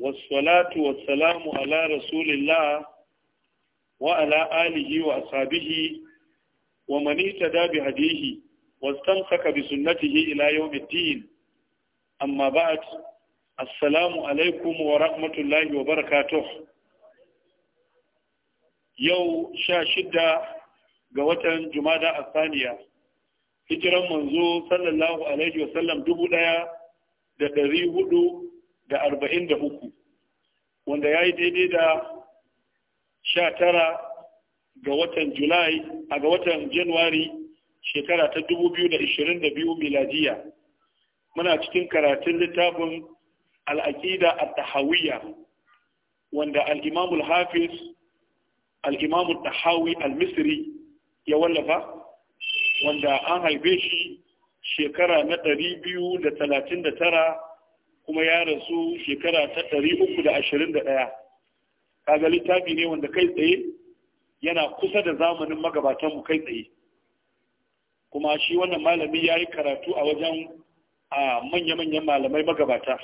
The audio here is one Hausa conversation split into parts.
wasu wasalamu ala rasulillah wa ala alihi wa ashabihi wa man ittaba bi hadihi saka bi sunnatihi ila yawmiddin amma ba'd assalamu alaikum wa rahmatullahi wa barakatuh yau sha shida ga watan jumada asaniya hijiran manzo sallallahu alaihi wasallam dubu daya da ɗari hudu da arba'in da uku wanda ya yi daidai da sha tara ga watan julai a ga watan januwari shekara ta dubu biyu da ishirin da biyu miladiya muna cikin karatun littafin al'aƙida a tahawiyya wanda al'imamul hafiz al'imamul tahawi al-misri ya wallafa wanda an haife shi shekara na ɗari biyu da talatin da tara kuma ya rasu shekara ta ɗari uku da ashirin da ɗaya kaga littafi ne wanda kai tsaye yana kusa da zamanin magabatanmu kai tsaye kuma shi wannan malami ya yi karatu a wajen a manya-manyan malamai magabata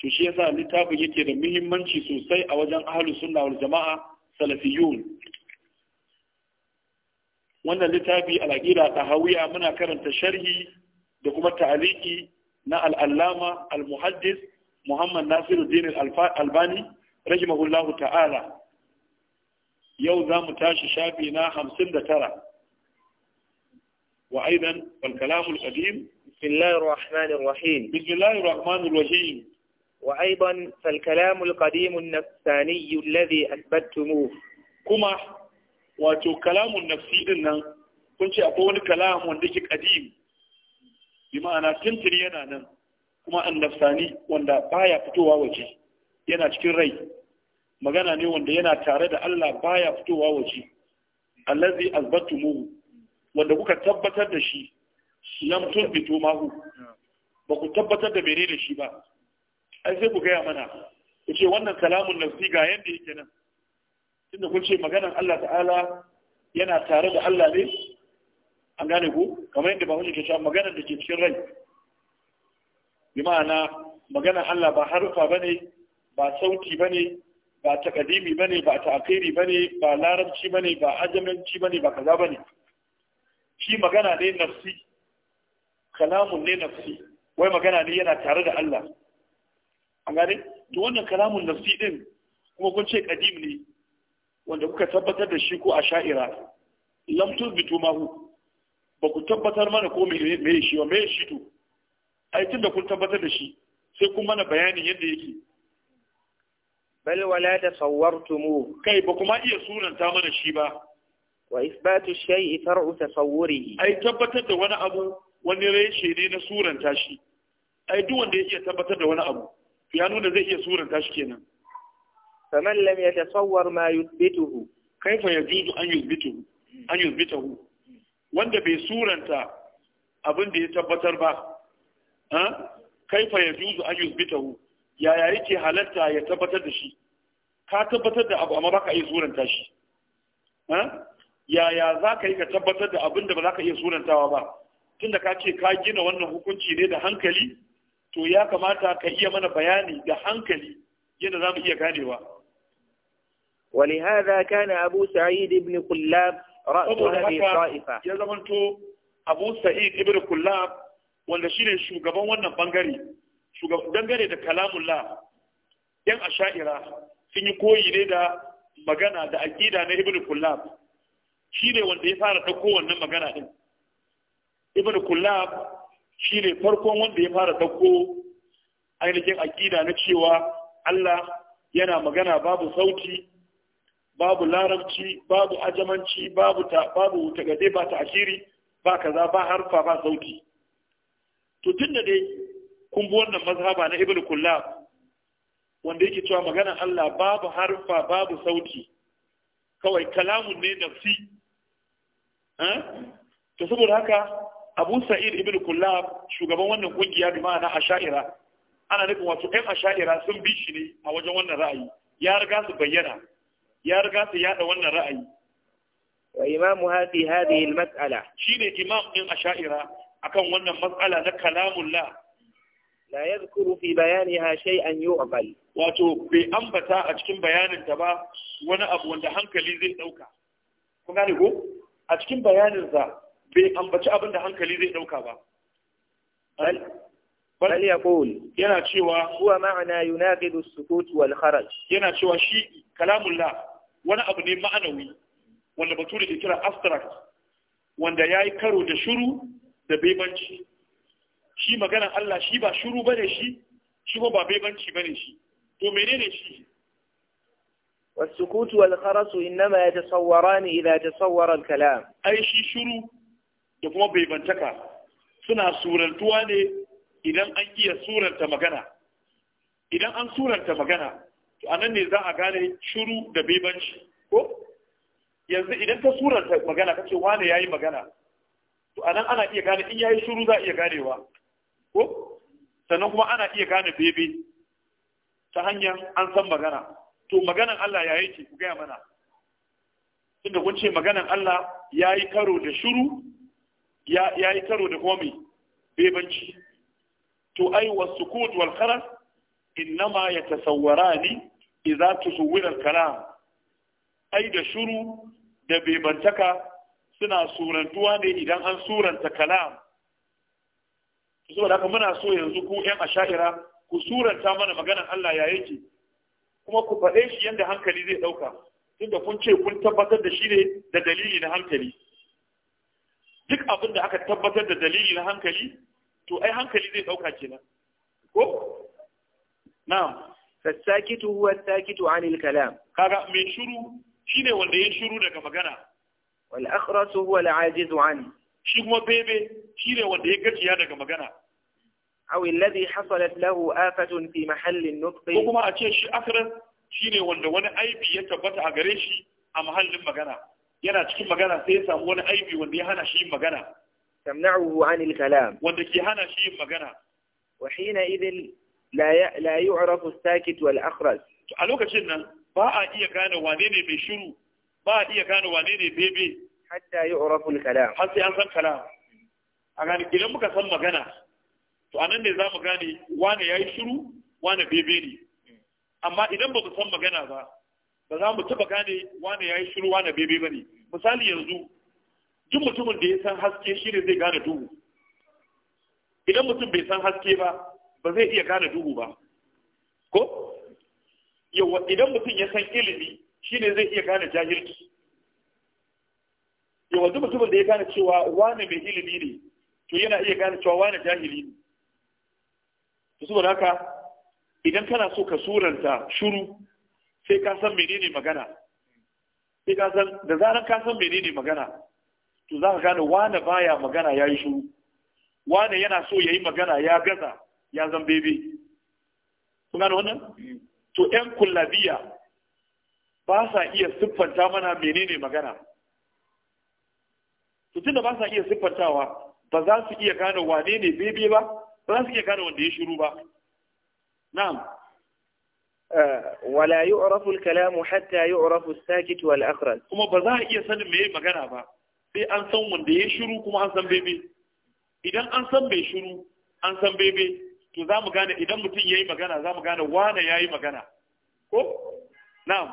to shi yasa littafin yake da muhimmanci sosai a wajen ahalu sunna wal jama'a salafiyun wannan littafi al ta hawiya muna karanta sharhi da kuma ta'aliki na al’allama al-muhaddis Muhammad Nasiruddin Albani, rahimahullahu Yau za mu tashi shafi na hamsin da tara. Wa aidan, balkalamu al’adim? Bismillahi Rahmanu Rahim. وايضا فالكلام القديم النفساني الذي اثبتموه كما واتو كلام النفسي دين كنتي اكو كلام وندي قديم bi ma'ana tuntuni yana nan kuma nafsani wanda baya fitowa waje yana cikin rai magana ne wanda yana tare da Allah baya fitowa waje allazi azbatumuhu wanda kuka tabbatar da shi lam tunbitu mahu ba ku tabbatar da bere da shi ba ai sai ku gaya mana ku ce wannan kalamun nafsi ga yanda yake nan tunda kun ce maganan Allah ta'ala yana tare da Allah ne an gane ku kamar yadda ba ke cewa magana da ke cikin rai bi ma'ana magana Allah ba harufa ne, ba sauti ba ne, ba takadimi ne, ba ba ne, ba larabci ne, ba ajamanci ne, ba kaza ba ne. shi magana ne nafsi kalamun ne nafsi wai magana ne yana tare da Allah an gane to wannan kalamun nafsi din kuma kun ce kadim ne wanda kuka tabbatar da shi ko a sha'ira lam tubitu mahu ba ku tabbatar mana ko me shi wa me shi to ai tunda kun tabbatar da shi sai kun mana bayanin yadda yake bal wala tasawwartumu kai ba kuma iya sunanta mana shi ba wa isbatu shay'i far'u tasawwurihi ai tabbatar da wani abu wani reshe ne na suranta shi ai duk wanda ya iya tabbatar da wani abu ya nuna zai iya suranta shi kenan faman lam yatasawwar ma yuthbituhu kaifa yajuzu an yuthbituhu an yuthbituhu wanda bai suranta abin da ya tabbatar ba kaifa ya juzu an yuzbitahu yaya yake halatta ya tabbatar da shi ka tabbatar da abu amma baka iya suranta shi yaya za ka yi ka tabbatar da abin da ba za ka iya surantawa ba tunda ka ce ka gina wannan hukunci ne da hankali to ya kamata ka iya mana bayani da hankali yadda za mu iya ganewa ولهذا كان أبو سعيد بن قلاب ra'su abi ya zamanto Abu Sa'id ibn Kullab wanda shine shugaban wannan bangare shugaban dangane da kalamullah yan asha'ira sun yi koyi ne da magana da aqida na ibn Kullab shine wanda ya fara dauko wannan magana din ibn Kullab shine farkon wanda ya fara dauko ainihin aqida na cewa Allah yana magana babu sauti babu larabci babu ajamanci babu ta babu tagade ba ta ashiri ba kaza ba harfa ba sauti to tunda dai kun bi wannan mazhaba na ibnu kullab wanda yake cewa magana Allah babu harfa babu sauti kawai kalamun ne nafsi to saboda haka Abu Sa'id ibn Kullab shugaban wannan kungiya da ma'ana Asha'ira ana nufin wato ɗan Asha'ira sun bi shi ne a wajen wannan ra'ayi ya riga su bayyana ya riga su yada wannan ra'ayi wa imamu hadi hadhihi al-mas'ala shine imam din asha'ira akan wannan mas'ala na kalamullah la yadhkuru fi bayaniha shay'an yu'qal wato bai ambata a cikin bayanin ta ba wani abu wanda hankali zai dauka kun gane ko a cikin bayanin sa bai ambaci abin da hankali zai dauka ba bal yaqul yana cewa huwa ma'ana yunaqidu as-sukut wal kharaj yana cewa shi kalamullah wani abu ne ma'anawi wanda bature ke kira abstract wanda ya yi karo da shuru da baibanci shi maganan Allah shi ba shuru ba ne shi shi ba baibanci ba ne shi to menene shi والسكوت والخرس إنما يتصوران إذا تصور الكلام أي شيء شروع يقوم بيبنتك سنة سورة التواني إذا أنك سورة مغانا إذا أن سورة مغانا to anan ne za a gane shiru da bebanci ko yanzu idan ta suranta magana ce wane yi magana to anan ana iya gane in ya yi shiru za a iya ganewa ko sannan kuma ana iya gane bebe ta hanyar an san magana to maganan Allah ya yi ce ku gaya mana tunda kun ce maganan Allah ya yi karo da shiru ya yi karo da kuma mai bebanci to ai wasu kudu walkaran innama ya tasawwara ni idza tusawwira al-kalam ai da shuru da bebantaka suna surantuwa ne idan an suranta kalam saboda haka muna so yanzu ku yan asha'ira ku suranta mana maganar Allah ya yake kuma ku faɗe shi yadda hankali zai ɗauka tunda kun ce kun tabbatar da shi ne da dalili na hankali duk abin da aka tabbatar da dalili na hankali to ai hankali zai ɗauka kenan ko na'am fasakitu huwa sakitu anil kalam kaga mai shiru shine wanda ya shiru daga magana wal akhrasu huwa al ajiz an shi kuma bebe shine wanda ya gaciya daga magana aw alladhi hasalat lahu afatun fi mahalli an-nutq ko kuma a ce shi akhras shine wanda wani aibi ya tabbata a gare shi a mahallin magana yana cikin magana sai ya samu wani aibi wanda ya hana shi yin magana tamna'uhu anil kalam wanda ke hana shi yin magana wa hina idhil la yu'rafu as-sakit wal akhraj a lokacin nan ba a iya gane wane ne mai shiru ba a iya gane wane ne bebe hatta yi al-kalam har sai an san kalam a gani, idan muka san magana to anan ne za mu gane wane ya yi shiru wane bebe ne amma idan ba mu san magana ba ba za mu taba gane wane ya yi shiru wane bebe ba ne. misali yanzu duk mutumin da ya san haske shi ne zai gane duhu idan mutum bai san haske ba ba zai iya gane duhu ba ko yawa idan mutum ya san ilimi shine zai iya gane jahilci yawa duk mutumin da ya gane cewa wani mai ilimi ne to yana iya gane cewa wani jahili ne to saboda haka idan kana so ka suranta shuru sai ka san menene magana sai ka san da zaran ka san menene magana to za ka gane wane baya magana ya yi shuru wane yana so ya yi magana ya gaza ya zan bebe kun gane wannan to yan kullabiya ba sa iya siffanta mana menene magana to tunda ba sa iya siffantawa ba za su iya gane wane ne bebe ba ba za su iya gane wanda ya shiru ba na'am eh, wala yi al-kalamu hatta yi as-sakit wal akhraj kuma ba za a iya sanin meye magana ba sai an san wanda ya shiru kuma an san bebe idan an san bai shiru an san bebe to za mu gane idan mutum ya yi magana za mu gane wane ya yi magana ko na'am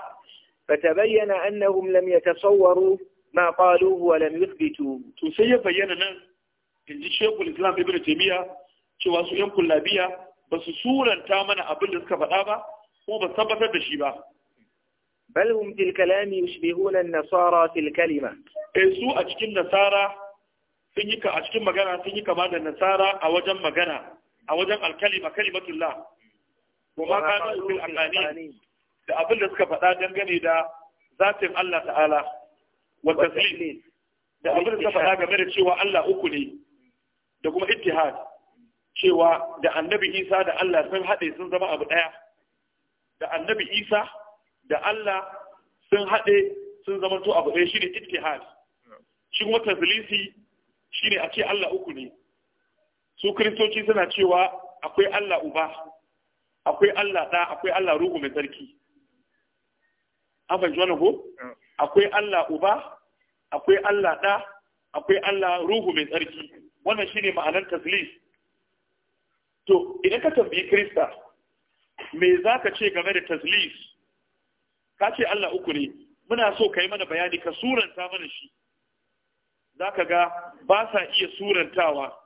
فتبين أنهم لم يتصوروا ما قالوه ولم يثبتوا to sai ya bayyana nan inji shekul islam ibn taymiya cewa su yan kullabiya ba su suranta mana abin da suka faɗa ba ko ba tabbatar da shi ba bal hum fil kalami yushbihuna an-nasara fil kalima eh su a cikin nasara sun yi a cikin magana sun yi kama da nasara a wajen magana a wajen alkalima kalimatullah wa ma kanu fil aqani da abin da suka faɗa dangane da zatin Allah ta'ala wa taslim da abin da suka faɗa game da cewa Allah uku ne da kuma ittihad cewa da annabi Isa da Allah sun haɗe sun zama abu ɗaya da annabi Isa da Allah sun haɗe sun zama to abu ɗaya shine ittihad shi kuma shi ne a ce Allah uku ne su kiristoci suna cewa akwai Allah uba akwai Allah ɗa akwai Allah ruhu mai tsarki abin wani wannan ko akwai Allah uba akwai Allah ɗa akwai Allah ruhu mai tsarki wannan shine ma'anar taslis to idan ka tambayi krista me za ka ce game da taslis ka ce Allah uku ne muna so ka yi mana bayani ka suranta mana shi za ka ga ba sa iya surantawa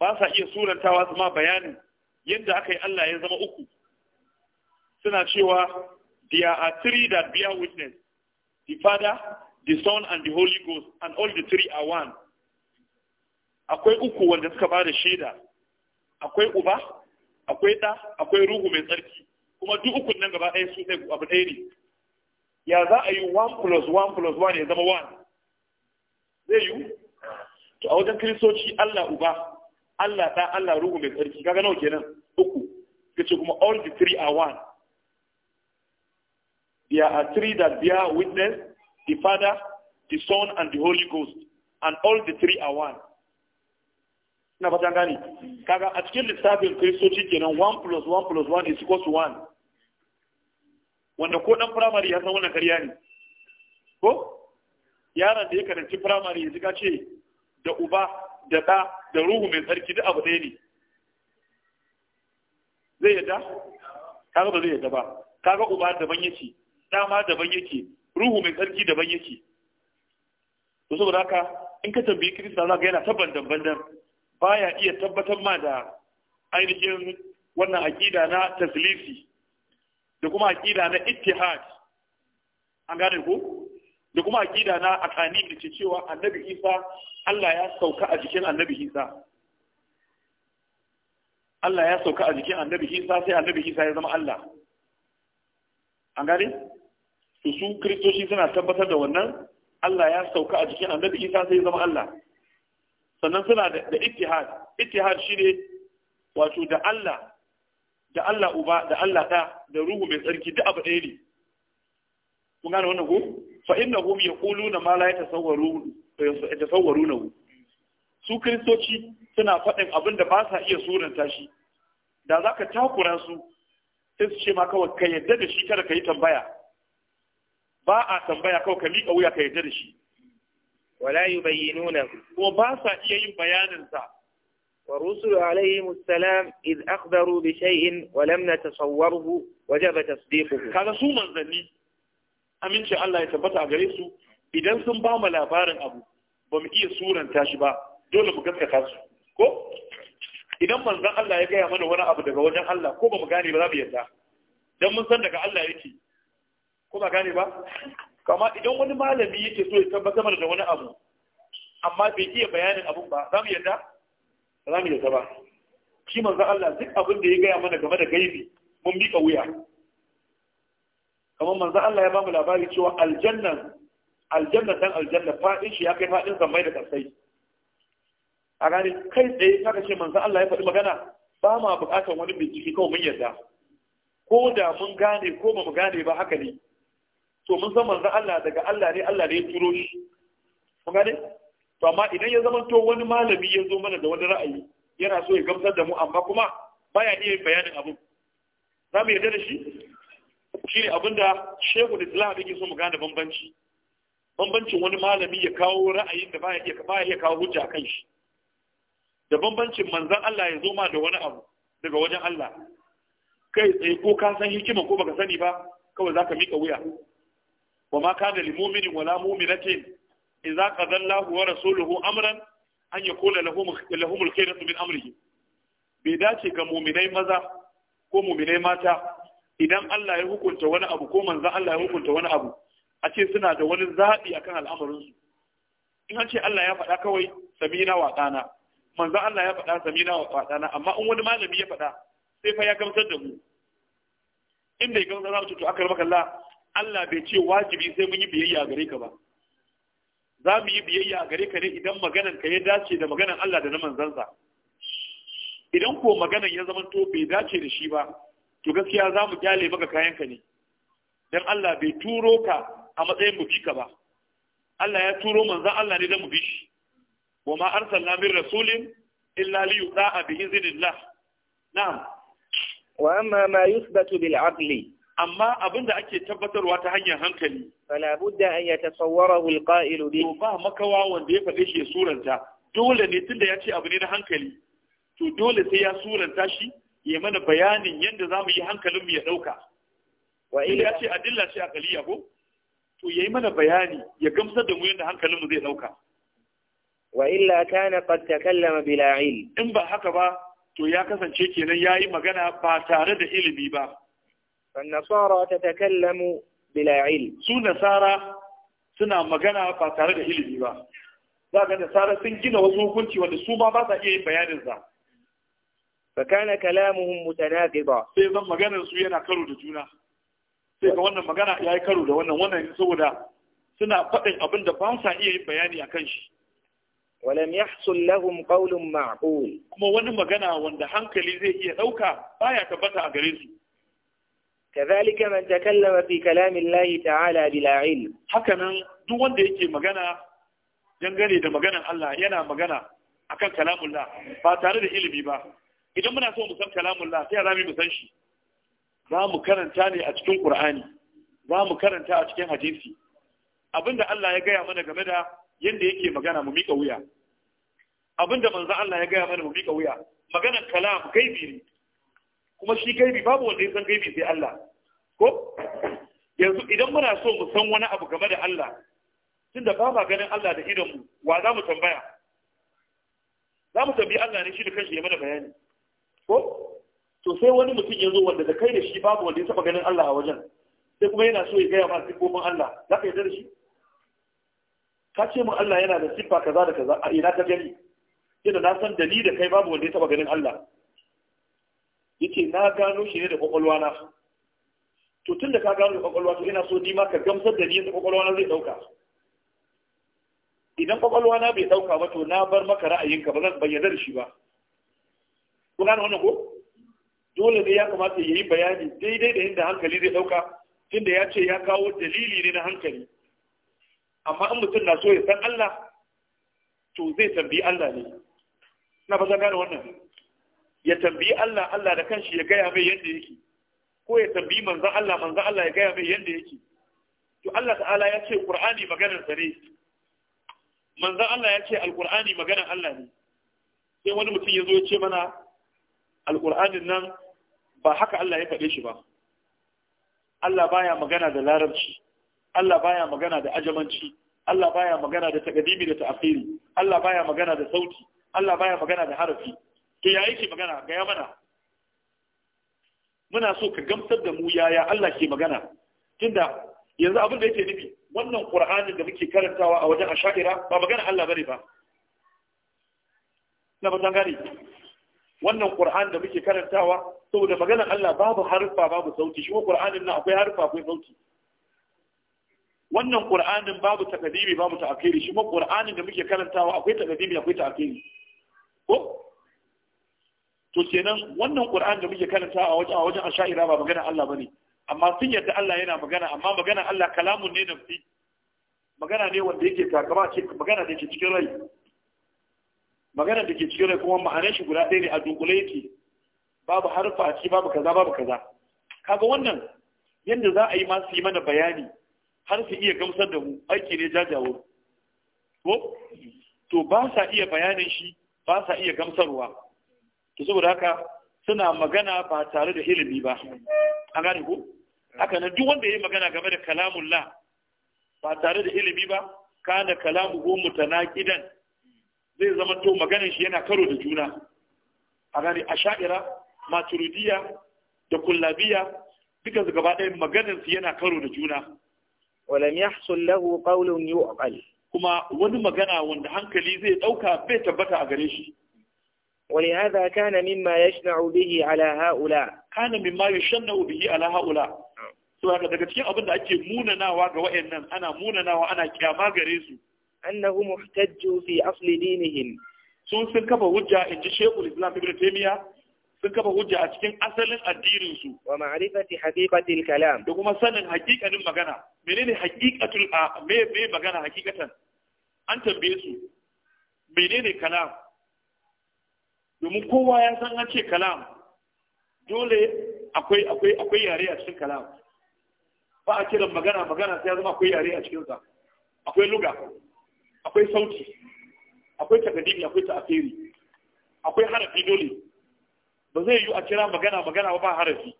ba sa iya surantawa su ma bayanin yadda aka yi Allah ya zama uku suna cewa there are three that bear witness the father the son and the holy ghost and all the three are one akwai uku wanda suka ba da shaida akwai uba akwai ɗa akwai ruhu mai tsarki kuma duk ukun nan gaba ɗaya su ɗaya abu ɗaya ne ya za a yi 1 plus one plus one ya zama one? zai yi to a wajen kiristoci Allah uba Allah ta Allah ruhu mai tsarki kaga nawa kenan uku kace kuma all the three are one there are three that bear witness the father the son and the holy ghost and all the three are one ina fata gani kaga a cikin lissafin kristoci kenan 1 plus 1 plus 1 is equal to 1 wanda ko dan primary ya san wannan kariya ne ko yaron da ya karanci primary ya ji ce da uba da ɗa da ruhu mai tsarki duk abu ɗaya ne zai yadda kaga ba zai yadda ba kaga uba daban yake ɗa ma daban yake ruhu mai tsarki daban yake to saboda haka in ka tambayi kirista za ka yana tabban dambandan baya iya tabbatar ma da ainihin wannan aƙida na taslisi da kuma aƙida na ittihad an gane ko da kuma aƙida na akani da ce cewa annabi isa Allah ya sauka a jikin annabi Isa Allah ya sauka a jikin annabi Isa sai annabi Isa ya zama Allah an gane to su kristoci suna tabbatar da wannan Allah ya sauka a jikin annabi Isa sai ya zama Allah sannan suna da ittihad ittihad ne, wato da Allah da Allah uba da Allah ɗa da ruhu mai tsarki duk abu ɗaya ne kun gane wannan ko fa innahum yaquluna ma la yatasawwaru yatasawwarunahu su kristoci suna faɗin abin da ba sa iya suranta shi da za ka takura su sai su ce ma kawai ka yadda da shi kada ka yi tambaya ba a tambaya kawai ka miƙa wuya ka yadda da shi wala nuna. kuma ba sa iya yin bayaninsa sa wa rusulu alaihi assalam iz akhbaru bi shay'in wa lam natasawwarhu wajaba tasdiquhu kaga su manzanni Amince Allah ya tabbata a gare su idan sun ba mu labarin abu ba mu iya suranta shi ba dole mu gaskata su ko idan manzon Allah ya gaya mana wani abu daga wajen Allah ko ba mu gane ba za mu yarda dan mun san daga Allah yake ko ba gane ba kama idan wani malami yake so ya tabbatar mana da wani abu amma bai iya bayanin abun ba za mu yarda ba za mu yarda ba shi manzon Allah duk abin da ya gaya mana game da gaibi mun bi wuya kamar manzon Allah ya ba mu labari cewa aljannan aljanna dan aljanna fadin shi ya kai fadin zamai da karsai a kai tsaye saka ce manzo Allah ya faɗi magana ba ma buƙatar wani bincike kawai mun yarda ko da mun gane ko ba mu gane ba haka ne to mun san manzo Allah daga Allah ne Allah ne ya turo shi mun gane to amma idan ya zama to wani malami ya zo mana da wani ra'ayi yana so ya gamsar da mu amma kuma baya iya bayanin abu za mu yarda da shi shi ne abinda shehu da islam ke so mu gane bambanci bambancin wani malami ya kawo ra'ayin da baya iya baya iya kawo hujja kan shi da bambancin manzon Allah ya zo ma da wani abu daga wajen Allah kai tsaye ko ka san hikima ko baka sani ba kawai zaka mika wuya wa ma kana lil wa wala mu'minati idza qadalla Allahu wa rasuluhu amran an yakuna lahum lahum al-khayratu min amrihi bai dace ga mu'minai maza ko mu'minai mata idan Allah ya hukunta wani abu ko manzon Allah ya hukunta wani abu a ce suna da wani zaɓi a kan al'amarinsu in an ce Allah ya faɗa kawai samina wa ɗana manzo Allah ya faɗa samina wa ɗana amma in wani malami ya faɗa sai fa ya gamsar da mu inda ya gamsar zamu ce to akar makalla Allah bai ce wajibi sai mun yi biyayya gare ka ba za mu yi biyayya gare ka ne idan maganan ka ya dace da maganan Allah da na manzansa idan ko maganan ya zama to bai dace da shi ba to gaskiya za mu kyale maka kayan ka ne dan Allah bai turo ka a matsayin mu bika ba Allah ya turo manzan Allah ne da mu bi shi wa ma arsalna min rasulin illa li yuta'a bi iznillah na'am wa amma ma yuthbatu bil aqli amma abinda ake tabbatarwa ta hanyar hankali fala budda an yatasawwarahu al qa'il bi ba makawa wanda ya fade shi suranta dole ne tunda ya ce abu ne na hankali to dole sai ya suranta shi ya mana bayanin yadda zamu mu yi hankalinmu ya ɗauka. Wa ya ce adilla ce akaliya ko? to yayi mana bayani ya gamsar da mu yadda hankalinmu zai dauka wa illa kana qad takallama bila ilm in ba haka ba to ya kasance kenan yayi magana ba tare da ilimi ba fan nasara tatakallamu bila ilm su nasara suna magana ba tare da ilimi ba za ga nasara sun gina wasu hukunci wanda su ma ba sa iya yin bayanin sa fa kana kalamuhum mutanaqiba sai zan maganar su yana karo da juna sai ga wannan magana ya yi karo da wannan wannan saboda suna faɗin abin da ba sa iya yin bayani a kan shi ya يحصل لهم ƙaunin معقول kuma wani magana wanda hankali zai iya ɗauka ba ya tabbata a gare su kazalika man takallama fi kalamin Allah ta'ala bila ilm hakanan duk wanda yake magana dangane da maganar Allah yana magana akan kalamullah ba tare da ilimi ba idan muna so mu san kalamullah sai zami mu san shi za mu karanta ne a cikin ƙur'ani za mu karanta a cikin hadisi abinda Allah ya gaya mana game da yadda yake magana mu miƙa wuya abinda manzo Allah ya gaya mana mu miƙa wuya maganar kalam gaibi ne kuma shi gaibi babu wanda ya san gaibi sai Allah ko yanzu idan muna so mu san wani abu game da Allah tunda ba ma ganin Allah da idon mu wa za mu tambaya za mu tambayi Allah ne shi da kanshi ya mana bayani ko to sai wani mutum ya zo wanda da kai da shi babu wanda ya taba ganin Allah a wajen sai kuma yana so ya gaya ma sifofin Allah za ka yi da ka ce min Allah yana da siffa kaza da kaza a ina ka gani yadda na san da da kai babu wanda ya taba ganin Allah yake na gano shi ne da kwakwalwa na to tun da ka gano da kwakwalwa to ina so ni ma ka gamsar da ni yadda kwakwalwa na zai dauka idan kwakwalwa na bai dauka ba to na bar maka ra'ayinka ba zan bayyana da shi ba ku gane wannan ko dole ne ya kamata ya yi bayani daidai da yadda hankali zai ɗauka tunda ya ce ya kawo dalili ne na hankali amma in mutum na so ya san Allah to zai tambayi Allah ne na ba gane wannan ya tambayi Allah Allah da kanshi ya gaya mai yadda yake ko ya tambayi manzan Allah manzan Allah ya gaya mai yadda yake to Allah ta'ala ya ce Qur'ani maganar sa ne manzan Allah ya ce Al-Qur'ani maganar Allah ne sai wani mutum ya zo ya ce mana Al-Qur'anin nan ba haka Allah ya faɗe shi ba Allah baya magana da larabci Allah baya magana da ajamanci Allah baya magana da takadimi da ta'khiri Allah baya magana da sauti Allah baya magana da harafi to ya yake magana ga mana muna so ka gamsar da mu yaya Allah ke magana tunda yanzu abin da yake nufi wannan Qur'ani da muke karantawa a wajen Asha'ira ba magana Allah bane ba na ba gane wannan Qur'an da muke karantawa saboda maganar Allah babu harfa babu sauti shi Qur'anin nan akwai harfa akwai sauti wannan Qur'anin babu takadimi babu ta'khiri shi Qur'anin da muke karantawa akwai takadimi akwai ta'khiri ko to kenan wannan Qur'an da muke karantawa a wajen a wajen Asha'ira ba maganar Allah bane amma sun yadda Allah yana magana amma maganar Allah kalamun ne nafsi magana ne wanda yake takama ce magana da yake cikin rai Magana da ke cikin kuma ma'anar shi guda ɗaya ne a dunkule yake babu harfa ce babu kaza babu kaza kaga wannan yadda za a yi ma su yi mana bayani har su iya gamsar da mu aiki ne jajawo ko to ba sa iya bayanin shi ba sa iya gamsarwa to saboda haka suna magana ba tare da ilimi ba an gane ko haka na duk wanda ya yi magana game da kalamullah ba tare da ilimi ba kana kalamu ko mutanaqidan zai zama to maganin shi yana karo da juna a gani a sha'ira maturidiya da kullabiya duka su gaba ɗaya maganin su yana karo da juna walam yahsul lahu qawlun yu'qal kuma wani magana wanda hankali zai ɗauka bai tabbata a gare shi ولهذا كان مما يشنع به على هؤلاء كان مما يشنع به على هؤلاء to daga cikin abin da ake munanawa ga wayannan ana munanawa ana kyama gare su annahu muhtajju fi asli dinihim sun sun kafa hujja in ji shekul islam ibn taymiya sun kafa hujja a cikin asalin addinin su wa ma'rifati haqiqatil kalam da kuma sanin haqiqatin magana menene haqiqatul me me magana haqiqatan an tambaye su menene kalam domin kowa ya san an ce kalam dole akwai akwai akwai yare a cikin kalam ba a kiran magana magana sai ya zama akwai yare a cikin sa akwai luga akwai sauti akwai takadimi akwai ta'afiri akwai harafi dole ba zai yi a kira magana magana ba harafi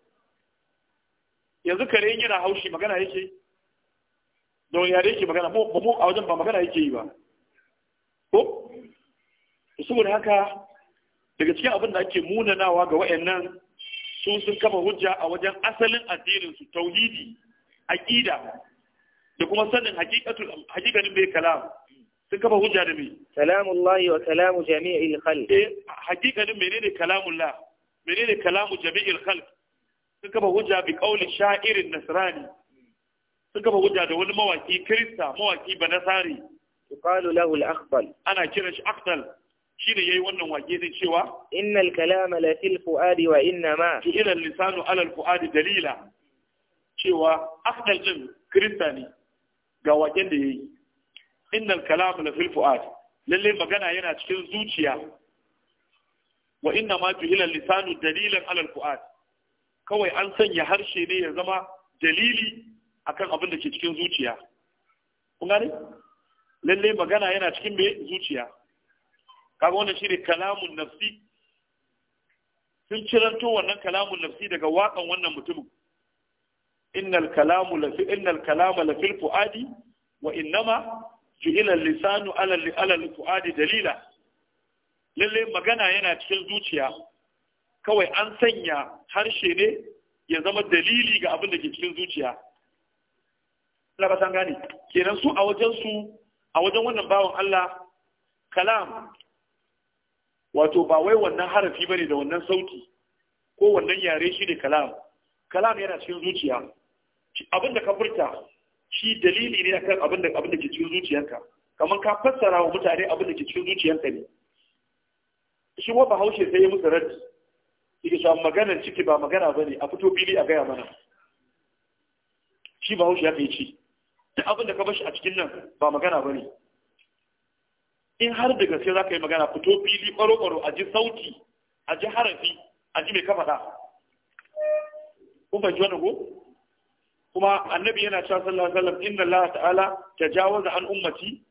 yanzu kare yin yana haushi magana yake da wani yare yake magana ba mu a wajen ba magana yake yi ba ko saboda haka daga cikin abin da ake munanawa ga wayannan su sun kama hujja a wajen asalin addinin su tauhidi aqida da kuma sanin hakikatul hakikanin bai kalam sun kafa hujja da me kalamullahi wa salamu jami'il khalq eh hakikanin menene kalamullah menene kalamu jami'il khalq sun kafa hujja bi qawli sha'irin nasrani sun kafa hujja da wani mawaki Kirista mawaki banasari yuqalu lahu al-akhbal ana kiran shi ne shine yayi wannan wake din cewa innal kalama la fil fuadi wa inna ma ila al-lisanu ala al-fuadi dalila cewa akhbal din Kirista ne ga waken da yayi innal kalamu la fil fu'ad lalle magana yana cikin zuciya wa inna ma ju'ila lisanu dalilan ala al fu'ad kawai an sanya harshe ne ya zama dalili akan abin da ke cikin zuciya kun gane lalle magana yana cikin me zuciya kaga wannan shine kalamun nafsi sun ciranto wannan kalamun nafsi daga waƙan wannan mutumin innal kalamu fi innal kalama fil fuadi wa innama ju'ilal lisanu على alal fuadi dalila lalle magana yana cikin zuciya kawai an sanya harshe ne ya zama dalili ga abin da ke cikin zuciya Allah ba san gane kenan su a wajen su a wajen wannan bawan Allah kalam wato ba wai wannan harafi bane da wannan sauti ko wannan yare shi ne kalam kalam yana cikin zuciya abin da ka furta shi dalili ne akan abin da abin da ke cikin zuciyarka kamar ka fassara wa mutane abin da ke cikin zuciyarka ne shi wa bahaushe sai ya musu raddi yake cewa maganar ciki ba magana ba ne a fito fili a gaya mana shi bahaushe ya kai ci duk abin da ka bashi a cikin nan ba magana ba ne in har da gaske za ka yi magana fito fili ɓaro-ɓaro a ji sauti a ji harafi a ji mai ka faɗa kun fahimci wani ko kuma annabi yana cewa sallallahu alaihi wasallam inna Allah ta'ala tajawaza an ummati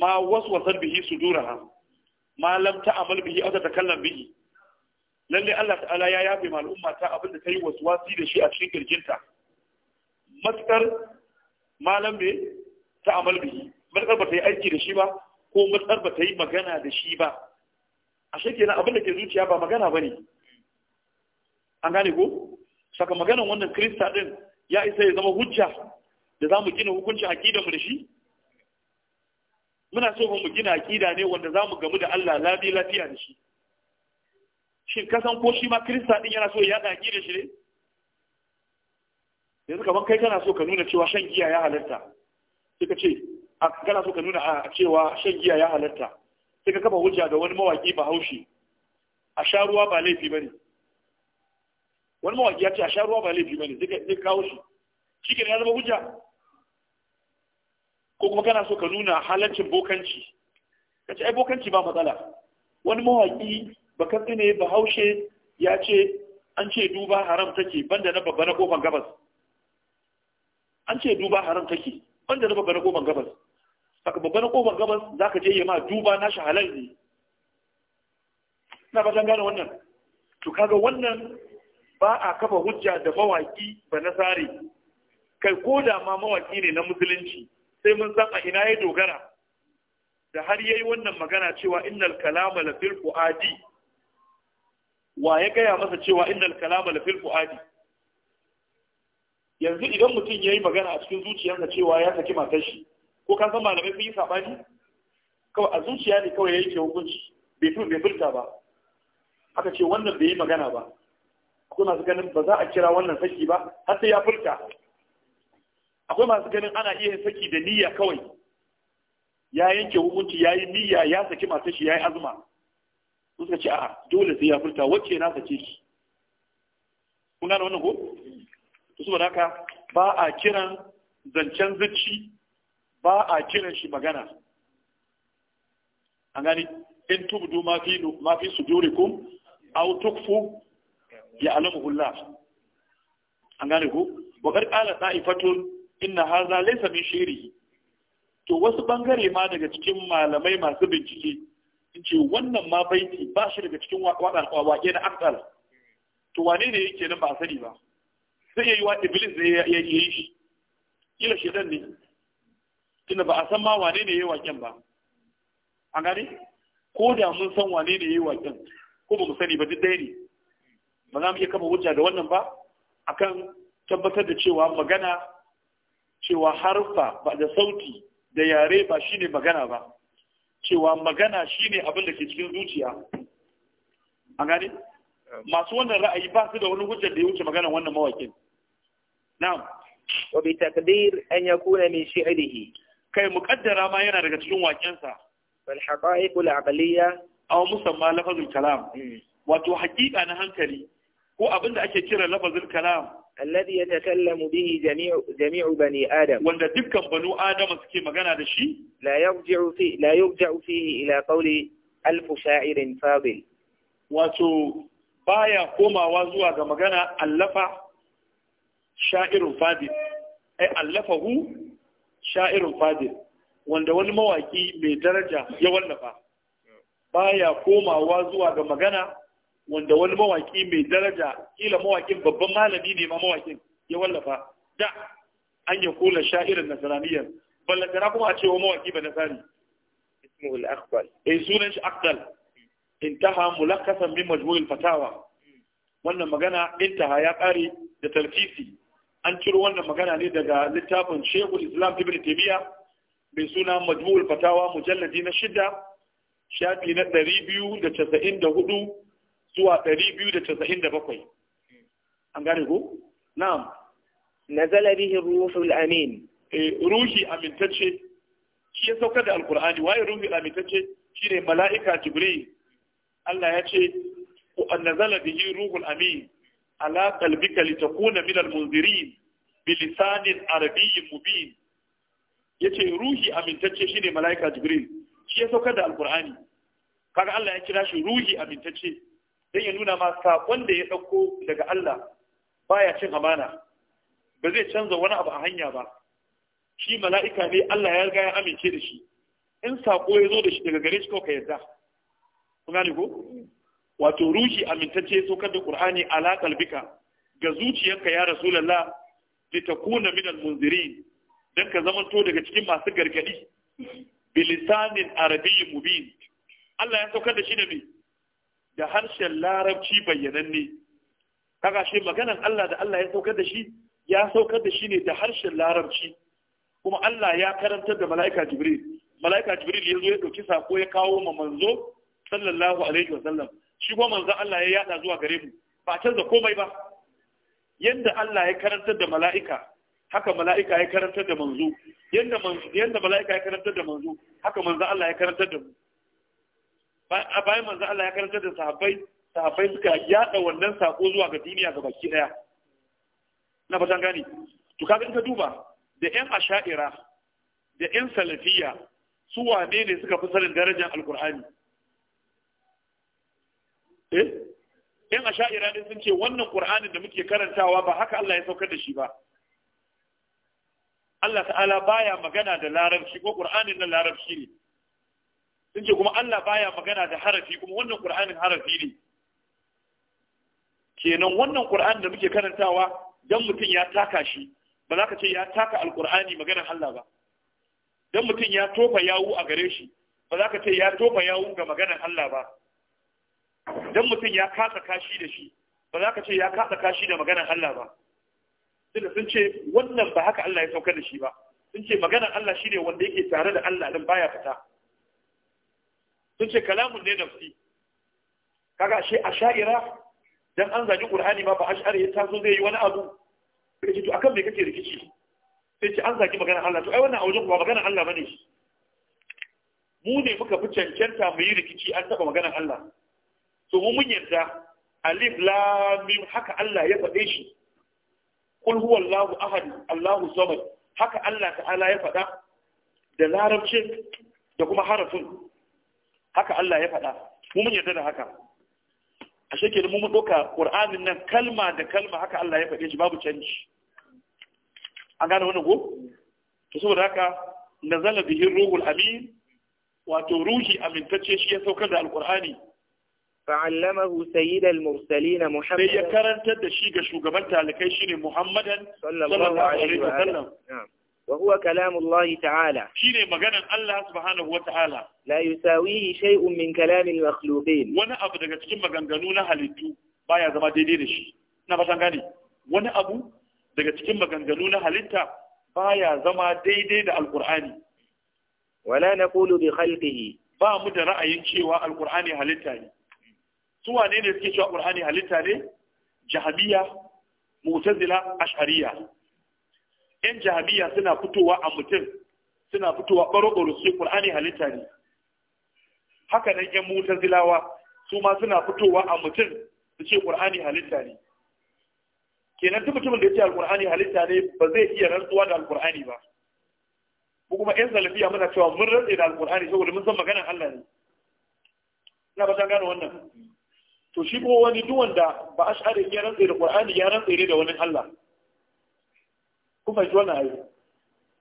ma waswasa bihi suduraha ma lam ta'mal bihi aw tatakallam bihi lalle Allah ta'ala ya yafe ma al'umma ta abin da ta waswasi da shi a cikin kirjinta matsar malam ne ta amal bihi matsar ba ta yi aiki da shi ba ko matsar ba ta yi magana da shi ba a shekenan abin da ke zuciya ba magana ba ne an gane ko saka maganan wannan krista din ya isa ya zama hujja da za mu gina hukuncin aƙidanmu da shi muna so mu gina aƙida ne wanda za mu gamu da Allah labi lafiya da shi shin kasan ko shi ma kirista ɗin yana so ya yada aƙida shi ne yanzu kamar kai kana so ka nuna cewa shan giya ya halatta sai ka ce kana so ka nuna a cewa shan giya ya halatta sai kafa hujja da wani mawaƙi bahaushe a sha ruwa ba laifi ba ne wani mawaki ya ce a sha ruwa ba laifi ne zai kawo shi shi ya zama hujja ko kuma kana so ka nuna halaccin bokanci ka ce ai bokanci ba matsala wani mawaki ba kan tsine ba haushe ya ce an ce duba haram take banda na babba na kofan gabas an ce duba haram take banda na babba na kofan gabas saka babba na kofan gabas za ka je yi ma duba na shi halal ne na ba gane wannan to kaga wannan ba a kafa hujja da mawaki ba na tsari kai ko da ma mawaki ne na musulunci sai mun san a ina ya dogara da har yayi wannan magana cewa innal kalama la fil fuadi wa ya gaya masa cewa innal kalama la fil fuadi yanzu idan mutum yayi magana a cikin zuciyarsa cewa ya saki matar shi ko ka san malamai sun yi sabani kawai a zuciya ne kawai yake hukunci bai fi bai furta ba aka ce wannan bai yi magana ba akwai masu ganin ba za a kira wannan saki ba har sai ya furta akwai masu ganin ana iya yin saki da niyya kawai ya yanke hukunci ya yi niyya ya saki masu shi ya yi azuma su ce a'a dole sai ya furta wacce na sace shi kun gane wannan ko to saboda haka ba a kiran zancen zuci ba a kiran shi magana an gani in tubdu ma fi ma fi sudurikum aw tukfu ya alamu hulla an gane ko wa karkala ta'ifatun inna haza shiri to wasu bangare ma daga cikin malamai masu bincike in ce wannan ma baiti ba shi daga cikin waƙe na akal to wane ne yake nan ba sani ba sai yi wa iblis ne ya yi shi ila shi ne tunda ba a san ma wane ne yi waƙen ba A gane ko da mun san wane ne yi waƙen ko ba mu sani ba duk daya ne ba za mu iya kama hujja da wannan ba akan tabbatar da cewa magana cewa harfa ba da sauti da yare ba shine magana ba cewa magana shine abin da ke cikin zuciya an gane masu wannan ra'ayi ba su da wani hujjar da ya wuce maganar wannan mawakin na'am wa bi taqdir an yakuna min shi'rihi kai muqaddara ma yana daga cikin wakensa wal haqa'iq al aqliyya aw musamma lafazul kalam hmm. wato haqiqa na hankali ko abin da ake kira lafazin kalam alladhi yatakallamu bihi jami'u jami'u bani adam wanda dukkan banu adam suke magana da shi la yarji'u fi la yarji'u fihi ila qawli alf sha'irin fadil wato komawa zuwa ga magana allafa sha'irin fadil ai allafahu wanda wani mawaki mai daraja ya wallafa baya komawa zuwa ga magana wanda wani mawaki mai daraja kila mawakin babban malami ne ma mawakin ya wallafa da an ya kula sha'irin nasaraniyar ballantana kuma a ce wa mawaki ba nasari ismu al eh sunan shi akdal intaha mulakkasan min majmu'il fatawa wannan magana intaha ya kare da talfisi an ciro wannan magana ne daga littafin Shehu Islam Ibn Taymiyyah mai suna Majmu'ul Fatawa mujalladi na shida shafi na 294 zuwa ɗari biyu da casa'in da bakwai an gane ko na'am nazala bihi ruhul amin eh, ruhi amintacce shi ya saukar da alkur'ani waye ruhi amintacce shi ne mala'ika jibri Allah ya ce nazala bihi ruhul amin ala qalbika litakuna min almunzirin bi lisanin arabiyyin mubin ce ruhi amintacce shi ne mala'ika jibri shi ya saukar da alkur'ani kaga Allah ya kira shi ruhi amintacce don ya nuna ma saƙon da ya ɗauko daga Allah baya cin amana ba zai canza wani abu a hanya ba shi mala'ika ne Allah ya riga ya amince da shi in saƙo ya zo da shi daga gare shi kawai ka yarda kuma ne ko wato ruhi amintacce so da qur'ani ala kalbika ga zuciyarka ya rasulullah litakuna min almunzirin dan ka zamanto daga cikin masu gargadi bilisanin arabiyyin mubin Allah ya saukar da shi ne da harshen larabci bayyananne kaga shi maganan Allah da Allah ya saukar da shi ya saukar da shi ne da harshen larabci kuma Allah ya karantar da mala'ika Jibril mala'ika Jibril ya zo ya dauki sako ya kawo ma manzo sallallahu alaihi wa sallam shi kuma manzo Allah ya yada zuwa gare mu ba canza komai ba yanda Allah ya karantar da mala'ika haka mala'ika ya karantar da manzo yanda manzo yanda mala'ika ya karantar da manzo haka manzo Allah ya karantar da mu a bayan manzo Allah ya karanta da sahabbai sahabbai suka yada wannan sako zuwa ga duniya ga baki daya na fatan gani to kaga ka duba da yan asha'ira da yan salafiya su wane ne suka fi sanin darajar alkur'ani eh yan asha'ira ne sun ce wannan qur'anin da muke karantawa ba haka Allah ya saukar da shi ba Allah ta'ala baya magana da larabci ko qur'anin na larabci ne sun ce kuma Allah baya magana da harafi kuma wannan Qur'anin harafi ne kenan wannan Qur'an da muke karantawa dan mutum ya taka shi ba za ka ce ya taka alqur'ani maganar Allah ba dan mutum ya tofa yawu a gare shi ba za ka ce ya tofa yawu ga maganar Allah ba dan mutum ya kasa kashi da shi ba za ka ce ya kasa kashi da maganar Allah ba tunda sun ce wannan ba haka Allah ya saukar da shi ba sun ce maganar Allah shine wanda yake tare da Allah din baya fita sun ce kalamun ne fi kaga shi a sha'ira don an zaji ƙulhani ma ba sha'ira ya taso zai yi wani abu sai ce to akan me kake rikici sai ce an zaki magana Allah to ai wannan a wajen kuma magana Allah bane shi mu ne muka fi cancanta mu yi rikici an taba maganar Allah to mu mun yarda alif lam mim haka Allah ya faɗe shi kul Allahu ahad Allahu samad haka Allah ta'ala ya faɗa da larabcin da kuma harafin haka Allah ya faɗa mu mun yarda da haka A ashe ke mu mun ɗauka ƙur'anin nan kalma da kalma haka Allah ya faɗe shi babu canji an gane wannan ko to saboda haka nazala bihi ruhul amin wato ruhi amintacce shi ya saukar da alƙur'ani فعلمه سيد المرسلين محمد sai ya karantar da shi ga shugaban talikai shine Muhammadan sallallahu alaihi sallam. wa huwa kalamullahi ta'ala shine maganan Allah subhanahu wa ta'ala la yusawihi shay'un min kalamil makhluqin wani abu daga cikin maganganu na halittu baya zama daidai da shi ina fatan gane wani abu daga cikin maganganu na halitta baya zama daidai da alqur'ani wala naqulu bi khalqihi ba mu da ra'ayin cewa alqur'ani halitta ne su wane ne suke cewa qur'ani halitta ne jahabiyya mu'tazila ash'ariyya yan jami'a suna fitowa a mutum suna fitowa ɓaro-ɓaro su ƙur'ani halitta ne haka nan yan zilawa su ma suna fitowa a mutum su ce ƙur'ani halitta ne kenan duk mutumin da ya ce alƙur'ani halitta ne ba zai iya rantsuwa da alƙur'ani ba ko kuma yan salafiya muna cewa mun rantse da alƙur'ani saboda mun san maganar Allah ne ina ba ta gane wannan to shi ko wani duk wanda ba ash'ari ya rantsa da qur'ani ya rantsa ne da wani Allah ku fahimci wannan ayi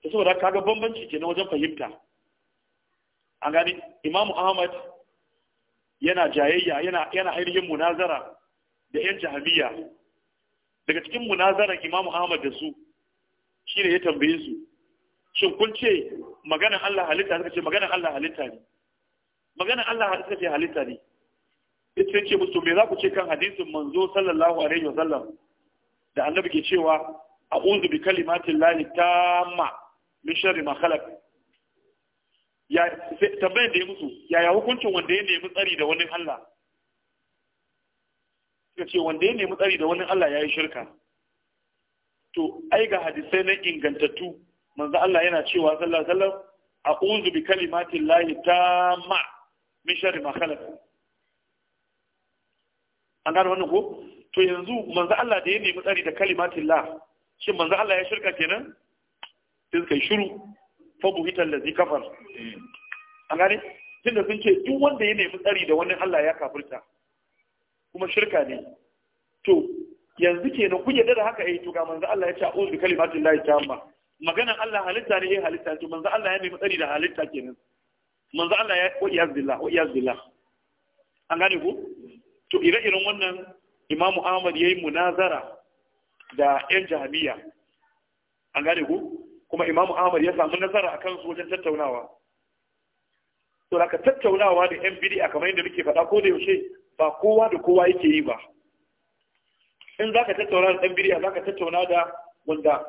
to saboda kaga bambanci ke na wajen fahimta an gani Imam Ahmad yana jayayya yana yana ainihin munazara da yan jahabiyya daga cikin munazara Imam Ahmad da su shine ya tambaye su shin kun ce maganar Allah halitta suka ce maganar Allah halitta ne maganar Allah halitta ce halitta ne ita ce musu me za ku ce kan hadisin manzo sallallahu alaihi wasallam da annabi ke cewa A a'udhu bi kalimatin lahi ma min shari ma khalaq ya tambayar da ya musu yaya hukuncin wanda ya nemi tsari da wani Allah suka ce wanda ya nemi tsari da wani Allah ya yi shirka to ai ga hadisai na ingantattu manzo Allah yana cewa sallallahu alaihi wasallam a'udhu bi kalimatin lahi ma min shari ma khalaq an gano wannan ko to yanzu manzo Allah da ya nemi tsari da kalimatin lahi shin manzo Allah ya shirka kenan sai suka shiru fa buhitan lazi kafar an gane tunda sun ce duk wanda ya nemi tsari da wannan Allah ya kafirta kuma shirka ne to yanzu kenan kun yadda da haka eh to ga manzo Allah ya ce a'udhu bi kalimatin lahi tamma maganan Allah halitta ne eh halitta to manzo Allah ya nemi tsari da halitta kenan manzo Allah ya wa iyaz billah wa iyaz billah an gane ko to ire-iren wannan Imam Ahmad yayi munazara da yan jami'a. an gane ku kuma imamu ahmad ya samu nasara a kansu wajen tattaunawa to da ka tattaunawa da yan a kamar yadda muke faɗa ko da yaushe ba kowa da kowa yake yi ba in za ka tattauna da ɗan a za ka tattauna da wanda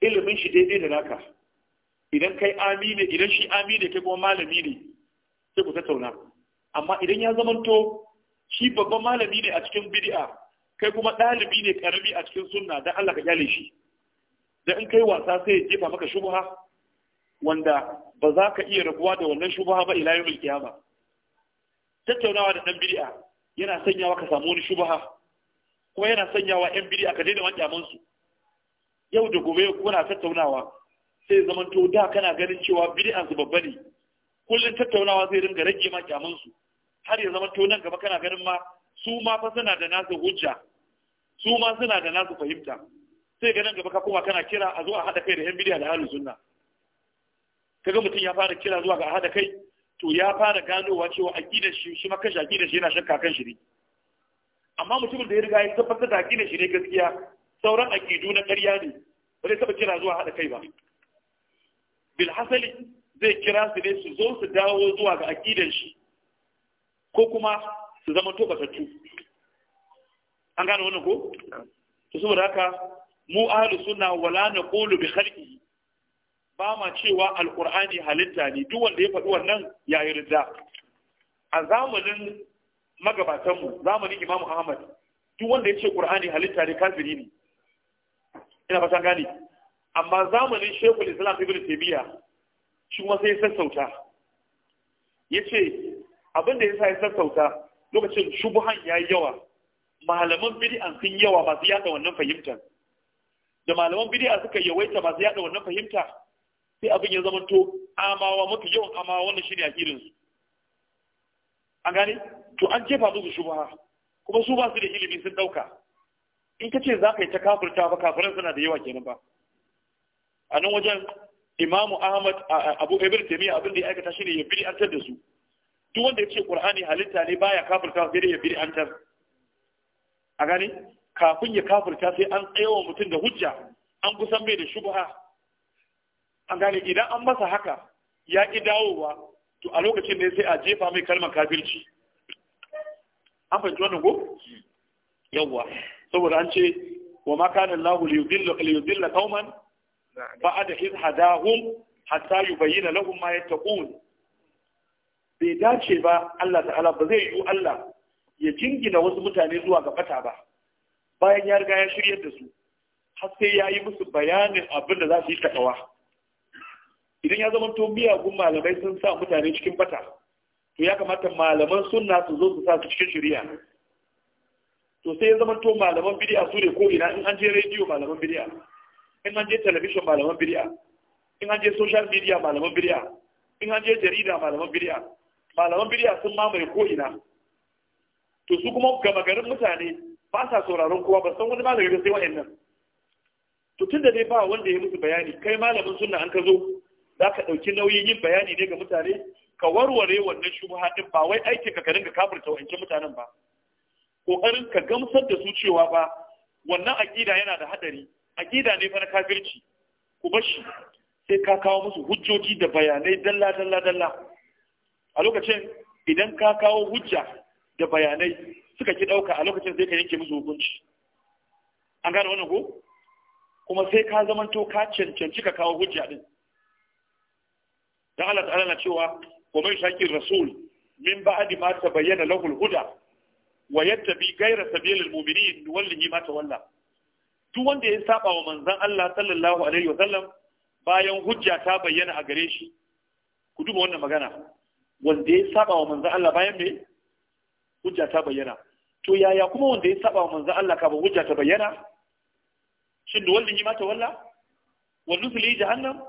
ilimin shi daidai da naka idan kai amine idan shi amine kai kuma malami ne sai ku tattauna amma idan ya zamanto shi babban malami ne a cikin bid'a kai kuma ɗalibi ne ƙarami a cikin sunna don Allah ka gyale shi da in kai wasa sai ya jefa maka shubha wanda ba za ka iya rabuwa da wannan shubha ba ila yawmil Kiyama? tattaunawa da ɗan bid'a yana sanyawa ka samu wani shubha kuma yana sanyawa yan bid'a ka daina wani su yau da gobe kuna tattaunawa sai zaman to da kana ganin cewa bid'an su babba ne kullun tattaunawa zai ringa rage ma kyamun har ya zamanto to nan gaba kana ganin ma su ma fa suna da nasu hujja su ma suna da nasu fahimta sai ga nan gaba ka koma kana kira a zuwa haɗa kai da yan bidiya da ahlus sunna kaga mutum ya fara kira zuwa ga haɗa kai to ya fara ganowa cewa aqidar shi shi kashi aqidar shi yana shakka kan shi ne amma mutumin da ya riga ya tabbatar da aqidar shi ne gaskiya sauran aqidu na ƙarya ne ba zai taɓa kira zuwa haɗa kai ba bil hasali zai kira su ne su zo su dawo zuwa ga aqidar shi ko kuma su zama to tattu. an gane wannan ko to saboda haka mu ahlus sunna wala naqulu bi khalqi ba ma cewa alqur'ani halitta ne duk wanda ya faɗi wannan ya yi ridda a zamanin magabatan mu zamanin Imam Ahmad duk wanda ya ce qur'ani halitta ne kafiri ne ina fatan gane amma zamanin shekul Islam Ibn Taymiyyah shi kuma sai ya sassauta yace abin da yasa ya sassauta lokacin shubuhan ya yi yawa malaman bid'a sun yawa masu yada wannan fahimtar da malaman bid'a suka yawaita masu yada wannan fahimta sai abin ya zama to amawa mafi yawan amawa wannan ne akidin su an gane to an jefa musu shubuha kuma su ba su da ilimi sun dauka in ka ce za ka yi ta kafurta ba kafiran suna da yawa kenan ba a nan wajen imamu ahmad abu ibn taymiya abin da ya aikata shine ya bid'antar da su duk wanda ya ce qur'ani halitta ne baya kafirta sai dai ya bi an tar a gani kafin ya kafirta sai an tsayawa mutum da hujja an kusan bai da shubha A gane idan an masa haka ya ki dawowa to a lokacin ne sai a jefa mai kalmar kafirci an fahimci wannan ko yawwa saboda an ce wa ma kana da li yudilla li yudilla qauman ba'da iz hadahum hatta yubayyana lahum ma yattaqun bai dace ba Allah ta'ala ba zai yi Allah ya jingina wasu mutane zuwa ga bata ba bayan ya riga ya shirya da su har sai ya yi musu bayanin abin da za su yi takawa idan ya zama to miyagun malamai sun sa mutane cikin bata to ya kamata malaman sunna su zo su sa su cikin shirya to sai ya zama to malaman bidiya su ne ko ina in an je rediyo malaman bidiya in an je talabishin malaman bidiya in an je social media malaman bidiya in an je jarida malaman bidiya malaman birya sun mamaye ko ina to su kuma gama garin mutane ba sa sauraron kowa ba san wani malami ba sai nan to tunda dai ba wanda ya musu bayani kai malamin sunna an ka zo za ka ɗauki nauyin yin bayani ne ga mutane ka warware wannan shubha din ba wai aikin ka ka kafin kafirta wa'ancan mutanen ba Ƙoƙarin ka gamsar da su cewa ba wannan aƙida yana da haɗari, aƙida ne fa na kafirci ku bashi sai ka kawo musu hujjoji da bayanai dalla dalla dalla a lokacin idan ka kawo hujja da bayanai suka ki ɗauka a lokacin sai ka yanke musu hukunci an gane wannan ko kuma sai ka zamanto ka cancanci ka kawo hujja din dan Allah ta'ala na cewa wa mai shaqi rasul min ba'di ma tabayyana lahu al-huda wa yattabi ghayra sabilil mu'minin wallahi ma tawalla duk wanda ya saba wa manzon Allah sallallahu alaihi sallam bayan hujja ta bayyana a gare shi ku duba wannan magana wanda ya saba wa manzan Allah bayan me hujja ta bayyana to yaya kuma wanda ya saba wa manzan Allah kafin hujja ta bayyana shin da wallin yi mata walla wa nusli jahannam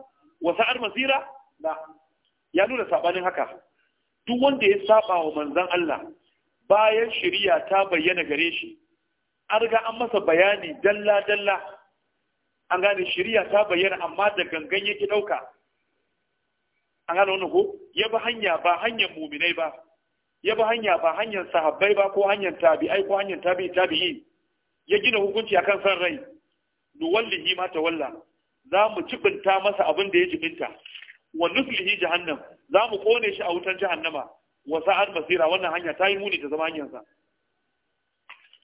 wa sa'ar masira la ya nuna sabanin haka duk wanda ya saba wa manzan Allah bayan shari'a ta bayyana gare shi an riga an masa bayani dalla dalla an gane shari'a ta bayyana amma da gangan yake dauka an hana wani ko ya bi hanya ba hanyar muminai ba ya bi hanya ba hanyar sahabbai ba ko hanyar tabi'ai ko hanyar tabi'i tabi'i ya gina hukunci a kan san rai nuwallihi ma walla. za mu cibinta masa abin da ya jibinta wa nuslihi jahannam za mu kone shi a wutan jahannama wa sa'ad basira wannan hanya ta yi muni ta zama hanyar sa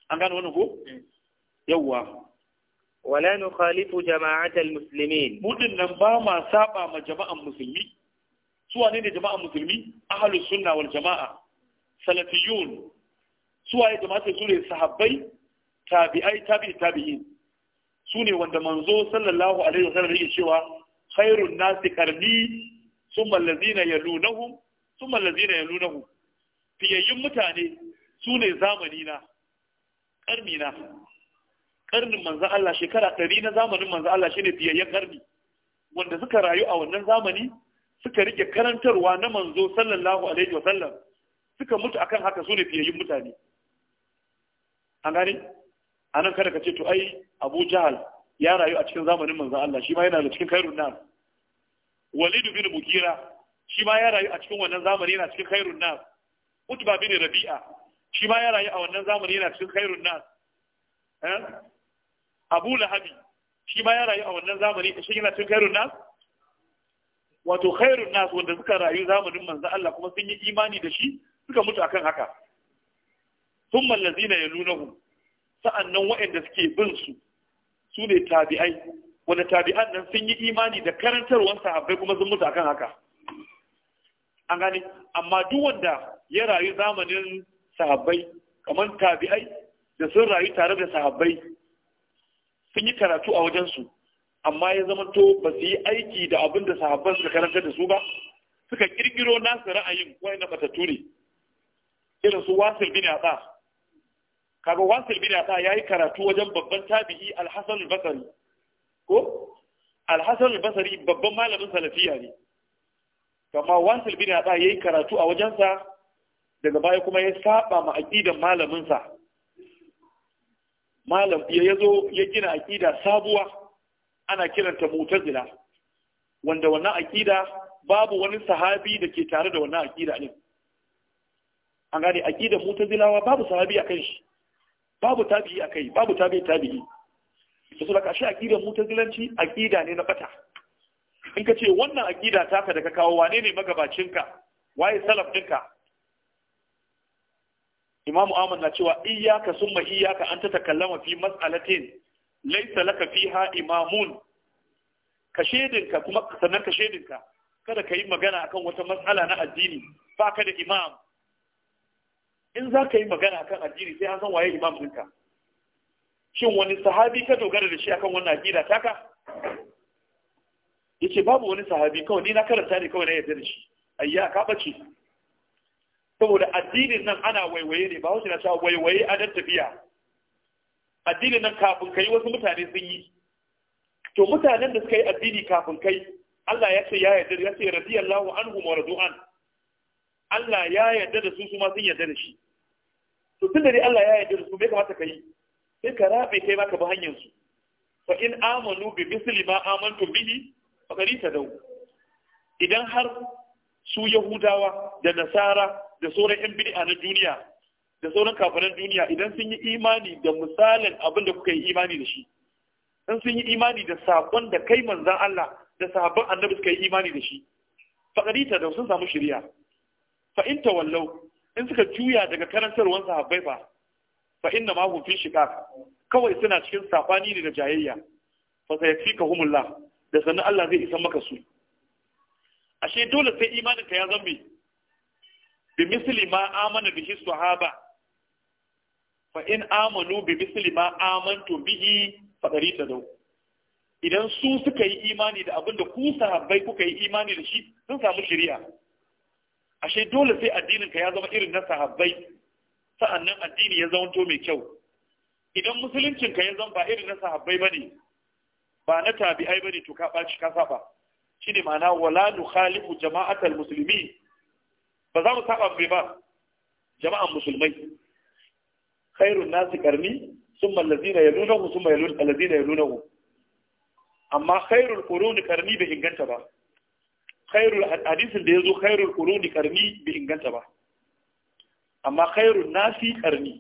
an gane wannan ko mm. yawwa wala nukhalifu jama'atal muslimin mudin nan ba ma saba ma jama'an musulmi su wane ne jama'an musulmi ahalu sunna wal jama'a salafiyun su waye jama'a su ne sahabbai tabi'ai tabi'i tabi'in su ne wanda manzo sallallahu alaihi wa sallam yake cewa khairun nasi karni thumma allazina yalunahum thumma allazina yalunahum fiyayyun mutane su ne zamani na karni na karnin manzo Allah shekara 100 na zamanin manzo Allah shine fiyayyen karni wanda suka rayu a wannan zamani suka rike karantarwa na manzo sallallahu alaihi wasallam suka mutu akan haka su ne fiyayyun mutane an gani a nan kada ka ce to ai abu jahal ya rayu a cikin zamanin manzo Allah shi ma yana da cikin khairun nas walid bin bukira shi ma ya rayu a cikin wannan zamani yana cikin khairun nas utba bin rabi'a shi ma ya rayu a wannan zamani yana cikin khairun nas eh abu lahabi shi ma ya rayu a wannan zamani shi yana cikin khairun nas wato khairun nas wanda suka rayu zamanin manzo Allah kuma sun yi imani da shi suka mutu akan haka thumma allazina yalunahu sa'annan wa'anda suke bin su su ne tabi'ai wanda tabi'an nan sun yi imani da karantarwar sahabbai kuma sun mutu akan haka an gane amma duk wanda ya rayu zamanin sahabbai kamar tabi'ai da sun rayu tare da sahabbai sun yi karatu a wajensu amma ya zama to ba su yi aiki da abin da sahabban suka karanta da su ba suka kirkiro nasu ra'ayin na matattu ne irin su wasil bin yatsa kaga wasil bin yatsa yi karatu wajen babban tabi'i Alhassan albasari al ko alhassan albasari babban malamin salafiya ne kama wasil bin yatsa yi karatu a wajensa daga baya kuma ya saba ma aƙidan malaminsa. malam ya zo ya gina aƙida sabuwa ana kiranta mutazila wanda wannan aƙida babu wani sahabi da ke tare da wannan aƙida ne an gane aƙida mutazilawa babu sahabi a kanshi, babu tabi'i a kai babu tabi'i tabi'i da su laka shi aƙida mutazilanci aƙida ne na bata in ka ce wannan aƙida taka da ka kawo wane ne magabacinka waye salaf ɗinka imamu ahmad na cewa iyaka summa iyaka an ta takallama fi mas'alatin laisa laka fiha imamun ka shedinka kuma sannan ka kada ka yi magana akan wata matsala na addini ba ka da imam in za ka yi magana akan addini sai an san waye imam ɗinka shin wani sahabi ka dogara da shi akan wannan ta taka yace babu wani sahabi kawai ni na karanta ne kawai na yarda da shi ayya ka bace saboda addinin nan ana waiwaye ne ba wasu na cewa waiwaye adar tafiya addini nan kafin kai wasu mutane sun yi to mutanen da suka yi addini kafin kai Allah ya ce ya yarda ya ce radiyallahu anhum wa radu'an Allah ya yarda da su su ma sun yarda da shi to tun da dai Allah ya yarda da su bai kamata ka yi sai ka rabe kai ma ka bi hanyar su fa in amanu bi misli ma amantum bihi fa ta dau idan har su yahudawa da nasara da sauran yan bid'a na duniya da sauran kafiran duniya idan sun yi imani da misalin abin da kuka yi imani da shi in sun yi imani da sabon da kai manzan Allah da sahabban annabi suka yi imani da shi faƙarita da sun samu shirya fa in tawallau in suka juya daga karantarwar sahabbai fa fa inna ma hum fi kawai suna cikin sabani ne da jayayya fa sayfikahumullah da sanin Allah zai isa maka su ashe dole sai imanin ka ya zambe bi misli ma amana bihi sahaba fa amanu bi misli ma amantum bihi fa dari idan su suka yi imani da abinda ku sahabbai kuka yi imani da shi sun samu shari'a ashe dole sai addinin ka ya zama irin na sahabbai sa'annan addini ya zamanto mai kyau idan musuluncin ka ya zama ba irin na sahabbai bane ba na tabi'ai bane to ka baci ka saba shine ma'ana wala Khalifu jama'atal muslimin ba za mu saba mai ba jama'an musulmai khairun nasi karni summa allazina yalunahu summa yalun allazina yalunahu amma khairul quruni karni bai inganta ba khairul hadisin da yazo khairul quruni karni bai inganta ba amma khairun nasi karni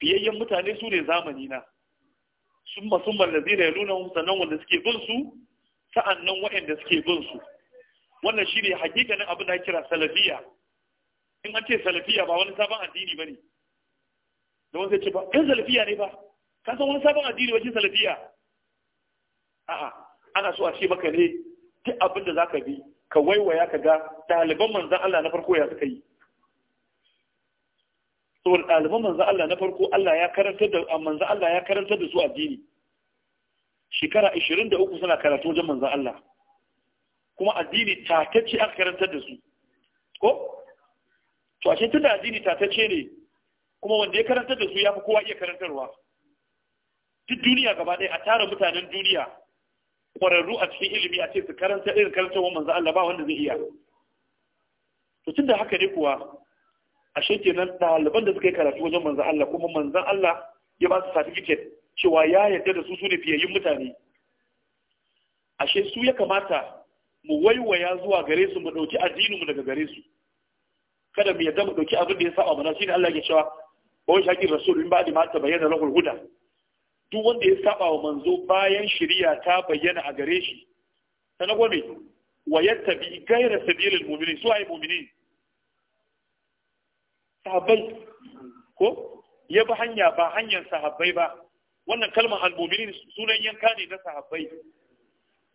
biyayyen mutane su ne zamani na summa summa allazina yalunahu sannan wanda suke bin su sa'annan waɗanda suke bin su wannan shine hakikanin abin da kira Salafiya. in an ce salafiya ba wani sabon addini ba ne da wani zai ce ba in salafiya ne ba ka san wani sabon addini wajen salafiya a'a ana so a ce maka ne duk abin da zaka bi ka waiwaya ka ga ɗaliban manzan Allah na farko ya suka yi to ɗaliban manzan Allah na farko Allah ya karantar da manzan Allah ya karantar da su addini shekara 23 suna karatu wajen manzan Allah kuma addini tatacce aka karantar da su ko to ashe tunda addini tatacce ne kuma wanda ya karantar da su ya fi kowa iya karantarwa duk duniya gaba ɗaya a tara mutanen duniya ƙwararru a cikin ilimi a ce su karanta irin karantarwar manzo Allah ba wanda zai iya to tunda haka ne kuwa ashe kenan ɗaliban da suka yi karatu wajen manzo Allah kuma manzan Allah ya ba su certificate cewa ya yarda da su su ne fiyayyun mutane ashe su ya kamata mu waiwaya zuwa gare su mu ɗauki addininmu daga gare su kada mu yarda mu ɗauki abin da ya saba mana shine Allah ya cewa ko shaki rasul in ba'di ma ta bayyana lahul huda duk wanda ya saba wa manzo bayan shari'a ta bayyana a gare shi sana gome wa yattabi ghayra sabilil mu'minin su ay mu'minin sahabbai ko ya bi hanya ba hanyar sahabbai ba wannan kalmar al-mu'minin sunan yanka ne na sahabbai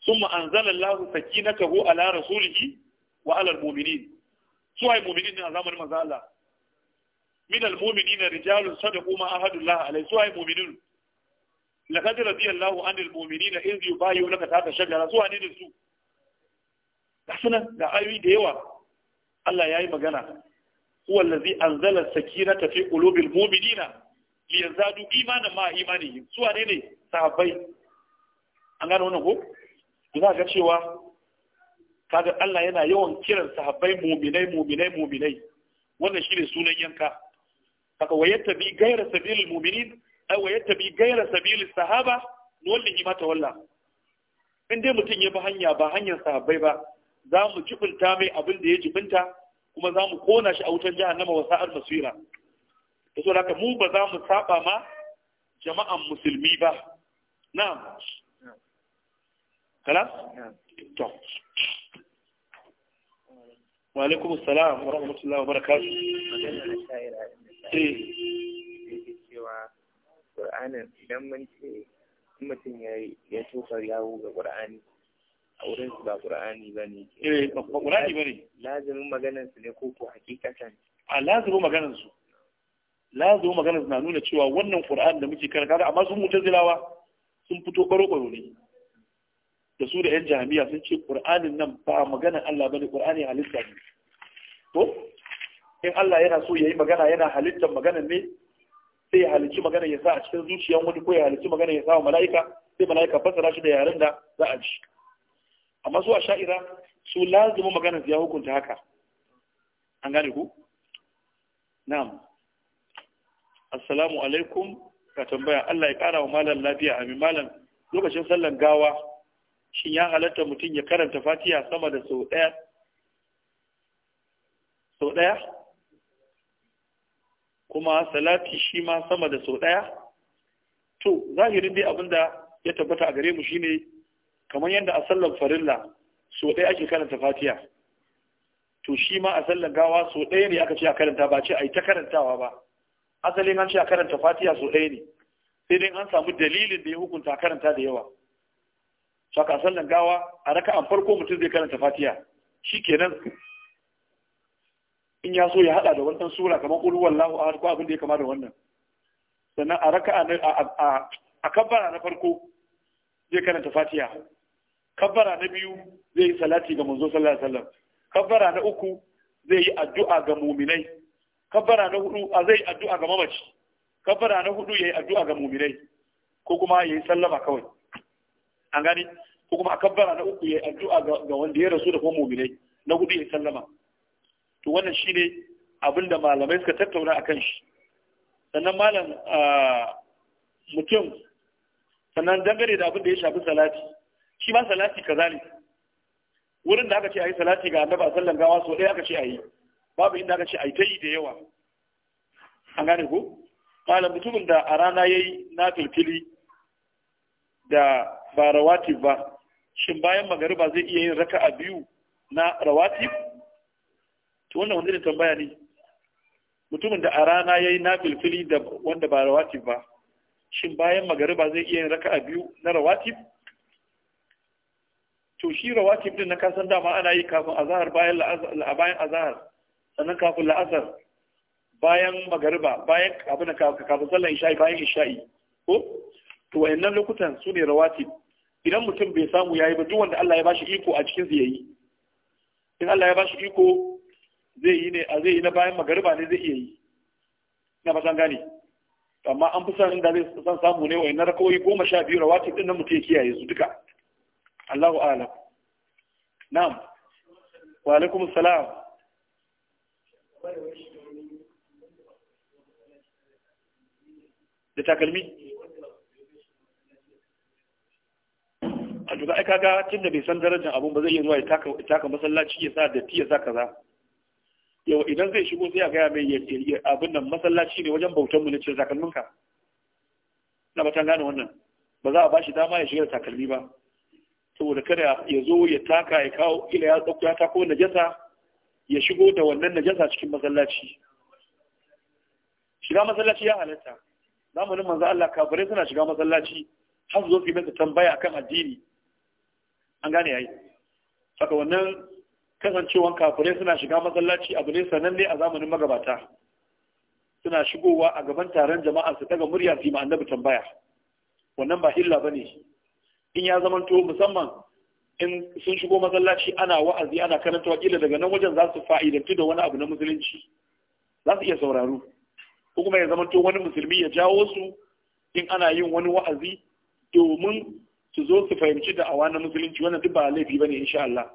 ثم أنزل الله سكينته Su رسوله وعلى المؤمنين سوى zamanin manzo Allah min al-mu'minina rijalun sadaqu ma ahadullah alayhi suwa mu'minun laqad radiyallahu anil mu'minina idh yubayyunaka tahta shajara suwa ne da su gasuna da ayoyi da yawa Allah yayi magana huwa allazi anzala as-sakinata fi qulubil mu'minina liyazdadu imanan ma imanihim suwa ne ne sahabbai an gano wannan ko za ga cewa kaga Allah yana yawan kiran sahabbai mu'minai mu'minai mu'minai wannan shine sunan yanka kaga wayatta bi gaira sabilil mu'minin ai wayatta bi gaira sabilis sahaba wallahi ma tawalla in dai mutum ya bi hanya ba hanyar sahabbai ba za mu jibinta mai abin da ya jibinta kuma za mu kona shi a wutan jahannama wa sa'ar masira da so haka mu ba za mu saba ma jama'an musulmi ba na'am kalas to wa salam wa rahmatullahi wa barakatuh cewa Qur'anin idan mun ce mutum ya ya tofa yawo ga Qur'ani a wurin su ba Qur'ani bane eh ba Qur'ani bane lazimin maganar su ne ko ko hakikatan a lazimin maganar su lazimin maganar su na nuna cewa wannan Qur'an da muke karanta amma sun mutazilawa sun fito baro baro ne da su da yan jami'a sun ce ƙur'anin nan ba magana Allah bane ƙur'ani halitta ne to in Allah yana so ya yi magana yana halittar magana ne sai ya halicci magana ya sa a cikin zuciyar wani ko ya halicci magana ya sa wa mala'ika sai mala'ika fassara shi da yaren da za a ji amma su a sha'ira su lazima su ya hukunta haka an gane ku na'am assalamu alaikum ka tambaya Allah ya kara wa malam lafiya amin malam lokacin sallan gawa shin ya halatta mutum ya karanta Fatiya sama da sau ɗaya sau ɗaya kuma salati shi ma sama da sau ɗaya to zahirin dai abinda ya tabbata a gare mu shine kamar yadda a sallan farilla sau ɗaya ake karanta Fatiya. to shi ma a sallan gawa sau ɗaya ne aka ce a karanta ba ce a yi ta karantawa ba asalin an ce a karanta Fatiya sau ɗaya ne sai dai an samu dalilin da ya hukunta karanta da yawa saka sallan gawa a raka'an farko mutum zai karanta fatiha shikenan in ya so ya hada da wannan sura kamar qul huwallahu ahad ko abin da ya kama da wannan sannan a raka'a na a a kabbara na farko zai karanta fatiha kabbara na biyu zai yi salati ga manzo sallallahu alaihi wasallam kabbara na uku zai yi addu'a ga muminai kabbara na hudu a zai addu'a ga mamaci kabbara na hudu yayi addu'a ga muminai ko kuma yayi sallama kawai an gane ko kuma a kabbara na uku ya addu'a ga wanda ya rasu da kuma mu'minai na hudu ya sallama to wannan shine abin da malamai suka tattauna akan shi sannan malam mutum sannan dangane da abin da ya shafi salati shi ma salati kazalik wurin da aka ce a yi salati ga annaba sallan gawa so ɗaya aka ce a yi babu inda aka ce a yi ta yi da yawa an gane ko malam mutumin da a rana ya yi na filfili da ba rawatib ba shin bayan magariba zai iya yin raka'a biyu na rawatib to wannan wanda irin tambaya ne mutumin da a rana yayi nafilfili da wanda ba rawatib ba shin bayan magariba zai iya yin raka'a biyu na rawatib to shi rawatib din na kasan dama ana yi kafin azahar bayan la'azar bayan azhar sannan kafin la'azar bayan magariba bayan abin da kafin sallan isha'i bayan isha'i ko to wayannan lokutan su ne rawatib idan mutum bai samu yayi ba duk wanda Allah ya bashi iko a cikin zai yi in Allah ya bashi iko zai yi ne a zai yi na bayan magariba ne zai iya yi na fatan gane amma an fi san inda zai san samu ne wayannan rakawoyi goma sha biyu rawatib din nan mutum ya kiyaye su duka Allahu a'lam na'am wa alaikum salam da takalmi a duka ga kaga da bai san darajar abun ba zai iya zuwa ya taka masallaci ya sa datti ya sa kaza yau idan zai shigo sai a gaya mai ya abin nan masallaci ne wajen bautar mu ne ce takalminka na batan gane wannan ba za a bashi dama ya shiga da takalmi ba saboda kada ya zo ya taka ya kawo ila ya tsakko ya tako najasa ya shigo da wannan najasa cikin masallaci shiga masallaci ya halatta zamanin manzo Allah kafirai suna shiga masallaci har zo su yi tambaya akan addini an gane yayi saka wannan kasancewan kafure suna shiga masallaci abu ne sananne a zamanin magabata suna shigowa a gaban taron jama'a su daga murya fi annabi tambaya wannan ba illa bane in ya to musamman in sun shigo masallaci ana wa'azi ana karanta wakila daga nan wajen za su fa'idantu da wani abu na musulunci za su iya sauraro ko kuma ya zamanto wani musulmi ya jawo su in ana yin wani wa'azi domin su zo su fahimci da awa na musulunci wannan duk ba laifi bane insha Allah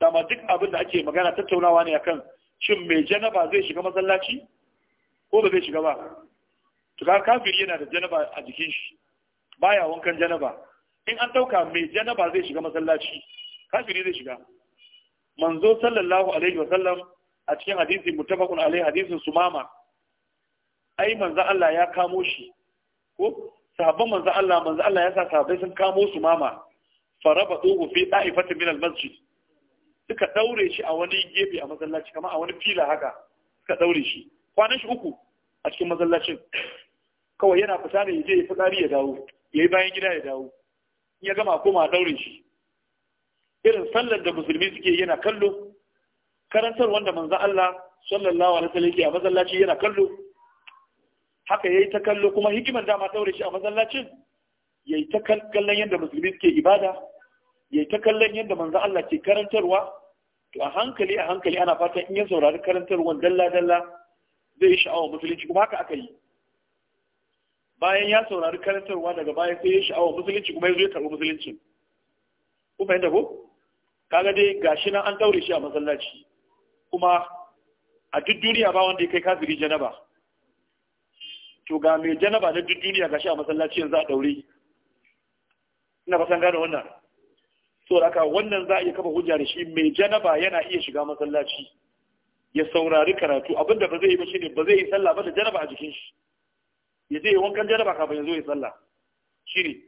dama duk abin da ake magana tattaunawa ne akan shin mai janaba zai shiga masallaci ko ba zai shiga ba to ka kafiri yana da janaba a jikin shi baya wankan janaba in an dauka mai janaba zai shiga masallaci kafiri zai shiga manzo sallallahu alaihi wa sallam a cikin hadisi muttafaqun alaihi hadisin sumama ai manzo Allah ya kamo shi ko sahabban manzo Allah manzo Allah ya sa sahabbai sun kamo su mama faraba dogo fi da'ifatin min al-masjid suka daure shi a wani gefe a masallaci kamar a wani fila haka suka daure shi kwanan shi uku a cikin masallacin kawai yana fita ne yaje ya fitsari ya dawo yayi bayan gida ya dawo ya gama koma daure shi irin sallar da musulmi suke yana kallo karantar wanda manzo Allah sallallahu alaihi wasallam yake a masallaci yana kallo haka yayi ta kallo kuma hikiman dama daure shi a masallacin yayi ta kallon yadda musulmi suke ibada yayi ta kallon yadda manzo Allah ke karantarwa to a hankali a hankali ana fatan in ya saurari karantarwar dalla dalla zai yi sha'awa musulunci kuma haka aka yi bayan ya saurari karantarwa daga bayan sai ya sha'awa musulunci kuma ya zo ya karɓi musulunci ku fahimta ko kaga dai gashi nan an daure shi a masallaci kuma a duk duniya ba wanda ya kai kafiri janaba to ga mai janaba na duk duniya shi a masallaci yanzu a daure ina ba san gane wannan so haka wannan za a iya kafa hujja da shi mai janaba yana iya shiga masallaci ya saurari karatu abinda ba zai yi ba shine ba zai yi sallah ba da janaba a jikin shi ya je wankan janaba kafin ya zo ya sallah shine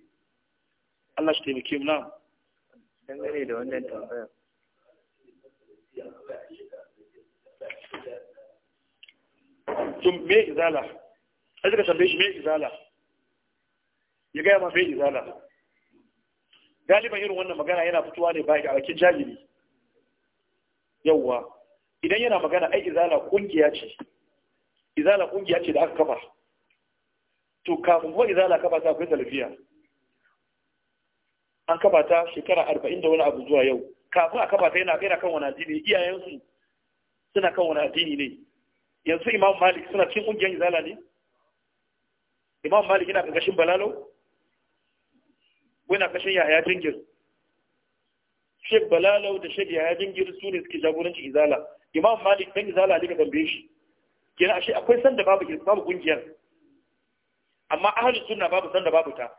Allah shi taimake mu na dangane da wannan tambayar tun me izala sai suka tambaye shi mai izala ya gaya ma mai izala galiban irin wannan magana yana fitowa ne ba ga bakin jahili yawwa idan yana magana ai izala kungiya ce izala kungiya ce da aka kafa to kafin kuma izala kafa ta akwai salafiya an kafa ta shekara arba'in da wani abu zuwa yau kafin a kafa ta yana kaina kan wani addini iyayensu suna kan wani addini ne yanzu imam malik suna cin kungiyar izala ne imam malik yana ƙarƙashin balalo wani yana ƙarƙashin yahaya jingir shek balalo da shek yahaya jingir su ne suke jagoranci izala imam malik dan izala ne ga gambe shi kenan ashe akwai sanda babu babu kungiyar amma ahli sunna babu sanda babu ta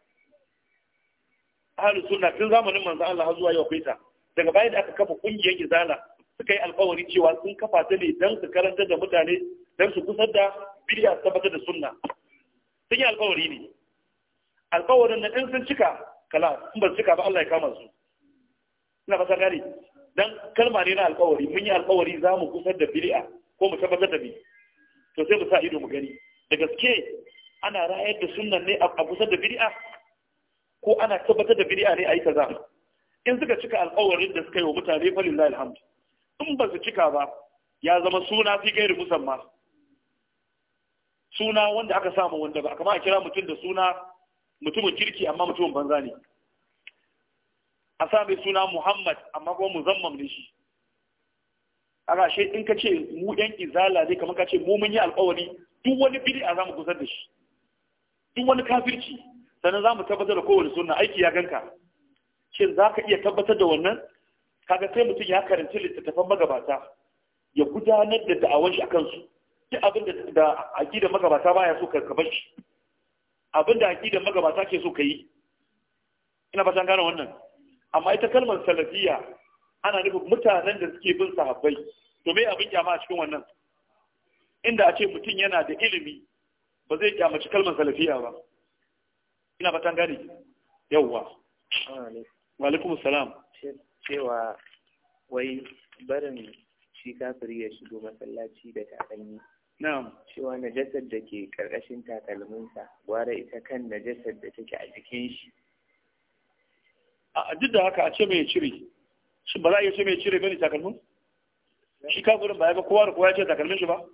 ahli sunna tun zamanin manzo Allah har zuwa yau akwai ta daga bayan da aka kafa kungiyar izala suka yi alƙawari cewa sun kafa ta ne dan su karanta da mutane dan su kusar da bidiyar tabbatar da sunna sun yi alkawari ne alkawarin na in sun cika kala in ba cika ba Allah ya kama su ina fasa gane dan kalma ne na alkawari mun yi alkawari za mu kusar da bid'a ko mu tabbatar da bi to sai mu sa ido mu gani da gaske ana rayar da sunnan ne a kusar da bid'a ko ana tabbatar da bid'a ne a yi kaza in suka cika alkawarin da suka yi wa mutane falillahi alhamd in ba su cika ba ya zama suna fi gairi musamman suna wanda aka samu wanda ba kamar a kira mutum da suna mutumin kirki amma mutumin banza ne a sa suna muhammad amma kuma muzammam ne shi aka shi in ka ce mu yan izala ne kamar ka ce mu mun yi alkawari duk wani bid'a za mu kusa da shi duk wani kafirci sannan za mu tabbatar da kowane suna aiki ya ganka shin za ka iya tabbatar da wannan kaga sai mutum ya karanci littattafan magabata ya gudanar da da'awar shi a kansu duk abin da aƙidar magabata baya so ka bar shi abin da aƙidar magabata ke so ka yi ina fatan gane wannan amma ita kalmar salafiya ana nufin mutanen da suke bin sahabbai to me abin kyama a cikin wannan inda a ce mutum yana da ilimi ba zai kyamaci kalmar salafiya ba ina fatan gane yawwa wa alaikum salam cewa wai barin shi kafiri ya shigo masallaci da ɗanyi na'am cewa najasar da ke ƙarƙashin takalminsa gwara ita kan najasar da take a jikin shi a duk da haka a ce mai cire shi ba za a iya ce mai cire bane takalmin shi gudun ba ya ga kowa da kowa ya ce takalmin shi ba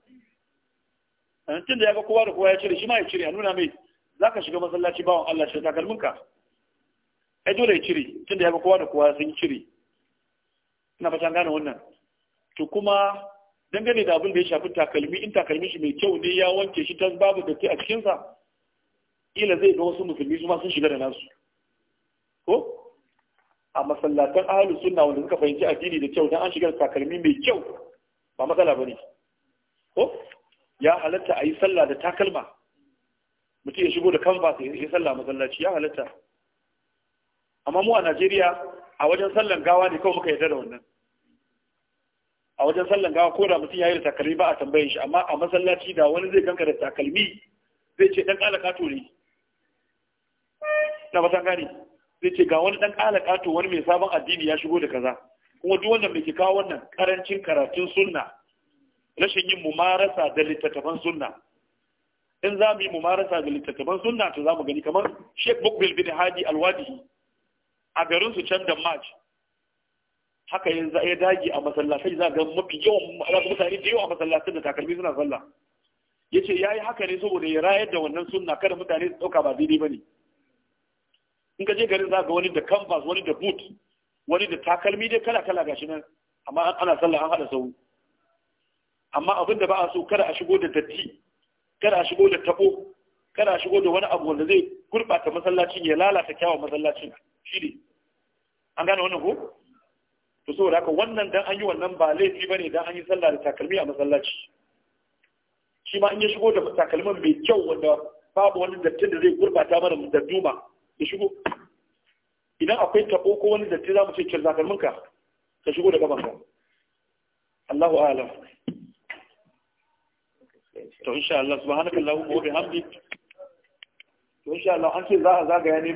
eh, tun da ya ga kowa da kowa ya cire shi ma ya cire a nuna mai za ka shiga masallaci bawan Allah shi ka? ai dole ya cire tun da ya ga kowa da kowa sun cire ina fatan gane wannan to kuma dangane da abin da ya shafi takalmi in takalmi shi mai kyau ne ya wanke shi tas babu datti a cikinsa ila zai ga wasu musulmi su sun shiga da nasu ko a masallatan ahlus sunna wanda suka fahimci addini da kyau dan an shiga da takalmi mai kyau ba matsala bane ko ya halatta a yi sallah da takalma mutum ya shigo da sai ya sallah masallaci ya halatta amma mu a Najeriya a wajen sallan gawa ne kawai muka yarda da wannan a wajen sallan gawa ko da mutum ya yi da takalmi ba a tambayin shi amma a masallaci da wani zai ganka da takalmi zai ce dan ƙala kato ne na fatan gani zai ce ga wani dan ƙala kato wani mai sabon addini ya shigo da kaza kuma duk wanda mai kawo wannan karancin karatun sunna rashin yin mumarasa da littattafan sunna in za mu yi mumarasa da littattafan sunna to za mu gani kamar Sheikh Bukbil bin Hadi Alwadi a garin su can da March haka yin za a dage a masallatai za ga mafi yawan alaƙa mutane da yawa a masallatai da takalmi suna sallah ya ce ya yi haka ne saboda ya rayar da wannan sunna kada mutane su ɗauka ba daidai ba ne in ka je garin za ga wani da canvas wani da boot wani da takalmi dai kala kala gashi nan amma ana sallah an haɗa sau amma abin da ba a so kada a shigo da datti kada a shigo da tabo kada a shigo da wani abu wanda zai gurɓata masallacin ya lalata kyawun masallacin shi ne an gane wannan ko to saboda haka wannan dan an yi wannan ba laifi bane dan an yi sallah da takalmi a masallaci shi ma in ya shigo da takalmin mai kyau wanda babu wani datti da zai gurbata mana da duma ya shigo idan akwai tabo ko wani datti za mu ce cin zakalmin ka ka shigo da gaban ka Allahu a'lam to insha Allah subhanakallahumma wa bihamdik to insha Allah an ce za a zagaya ne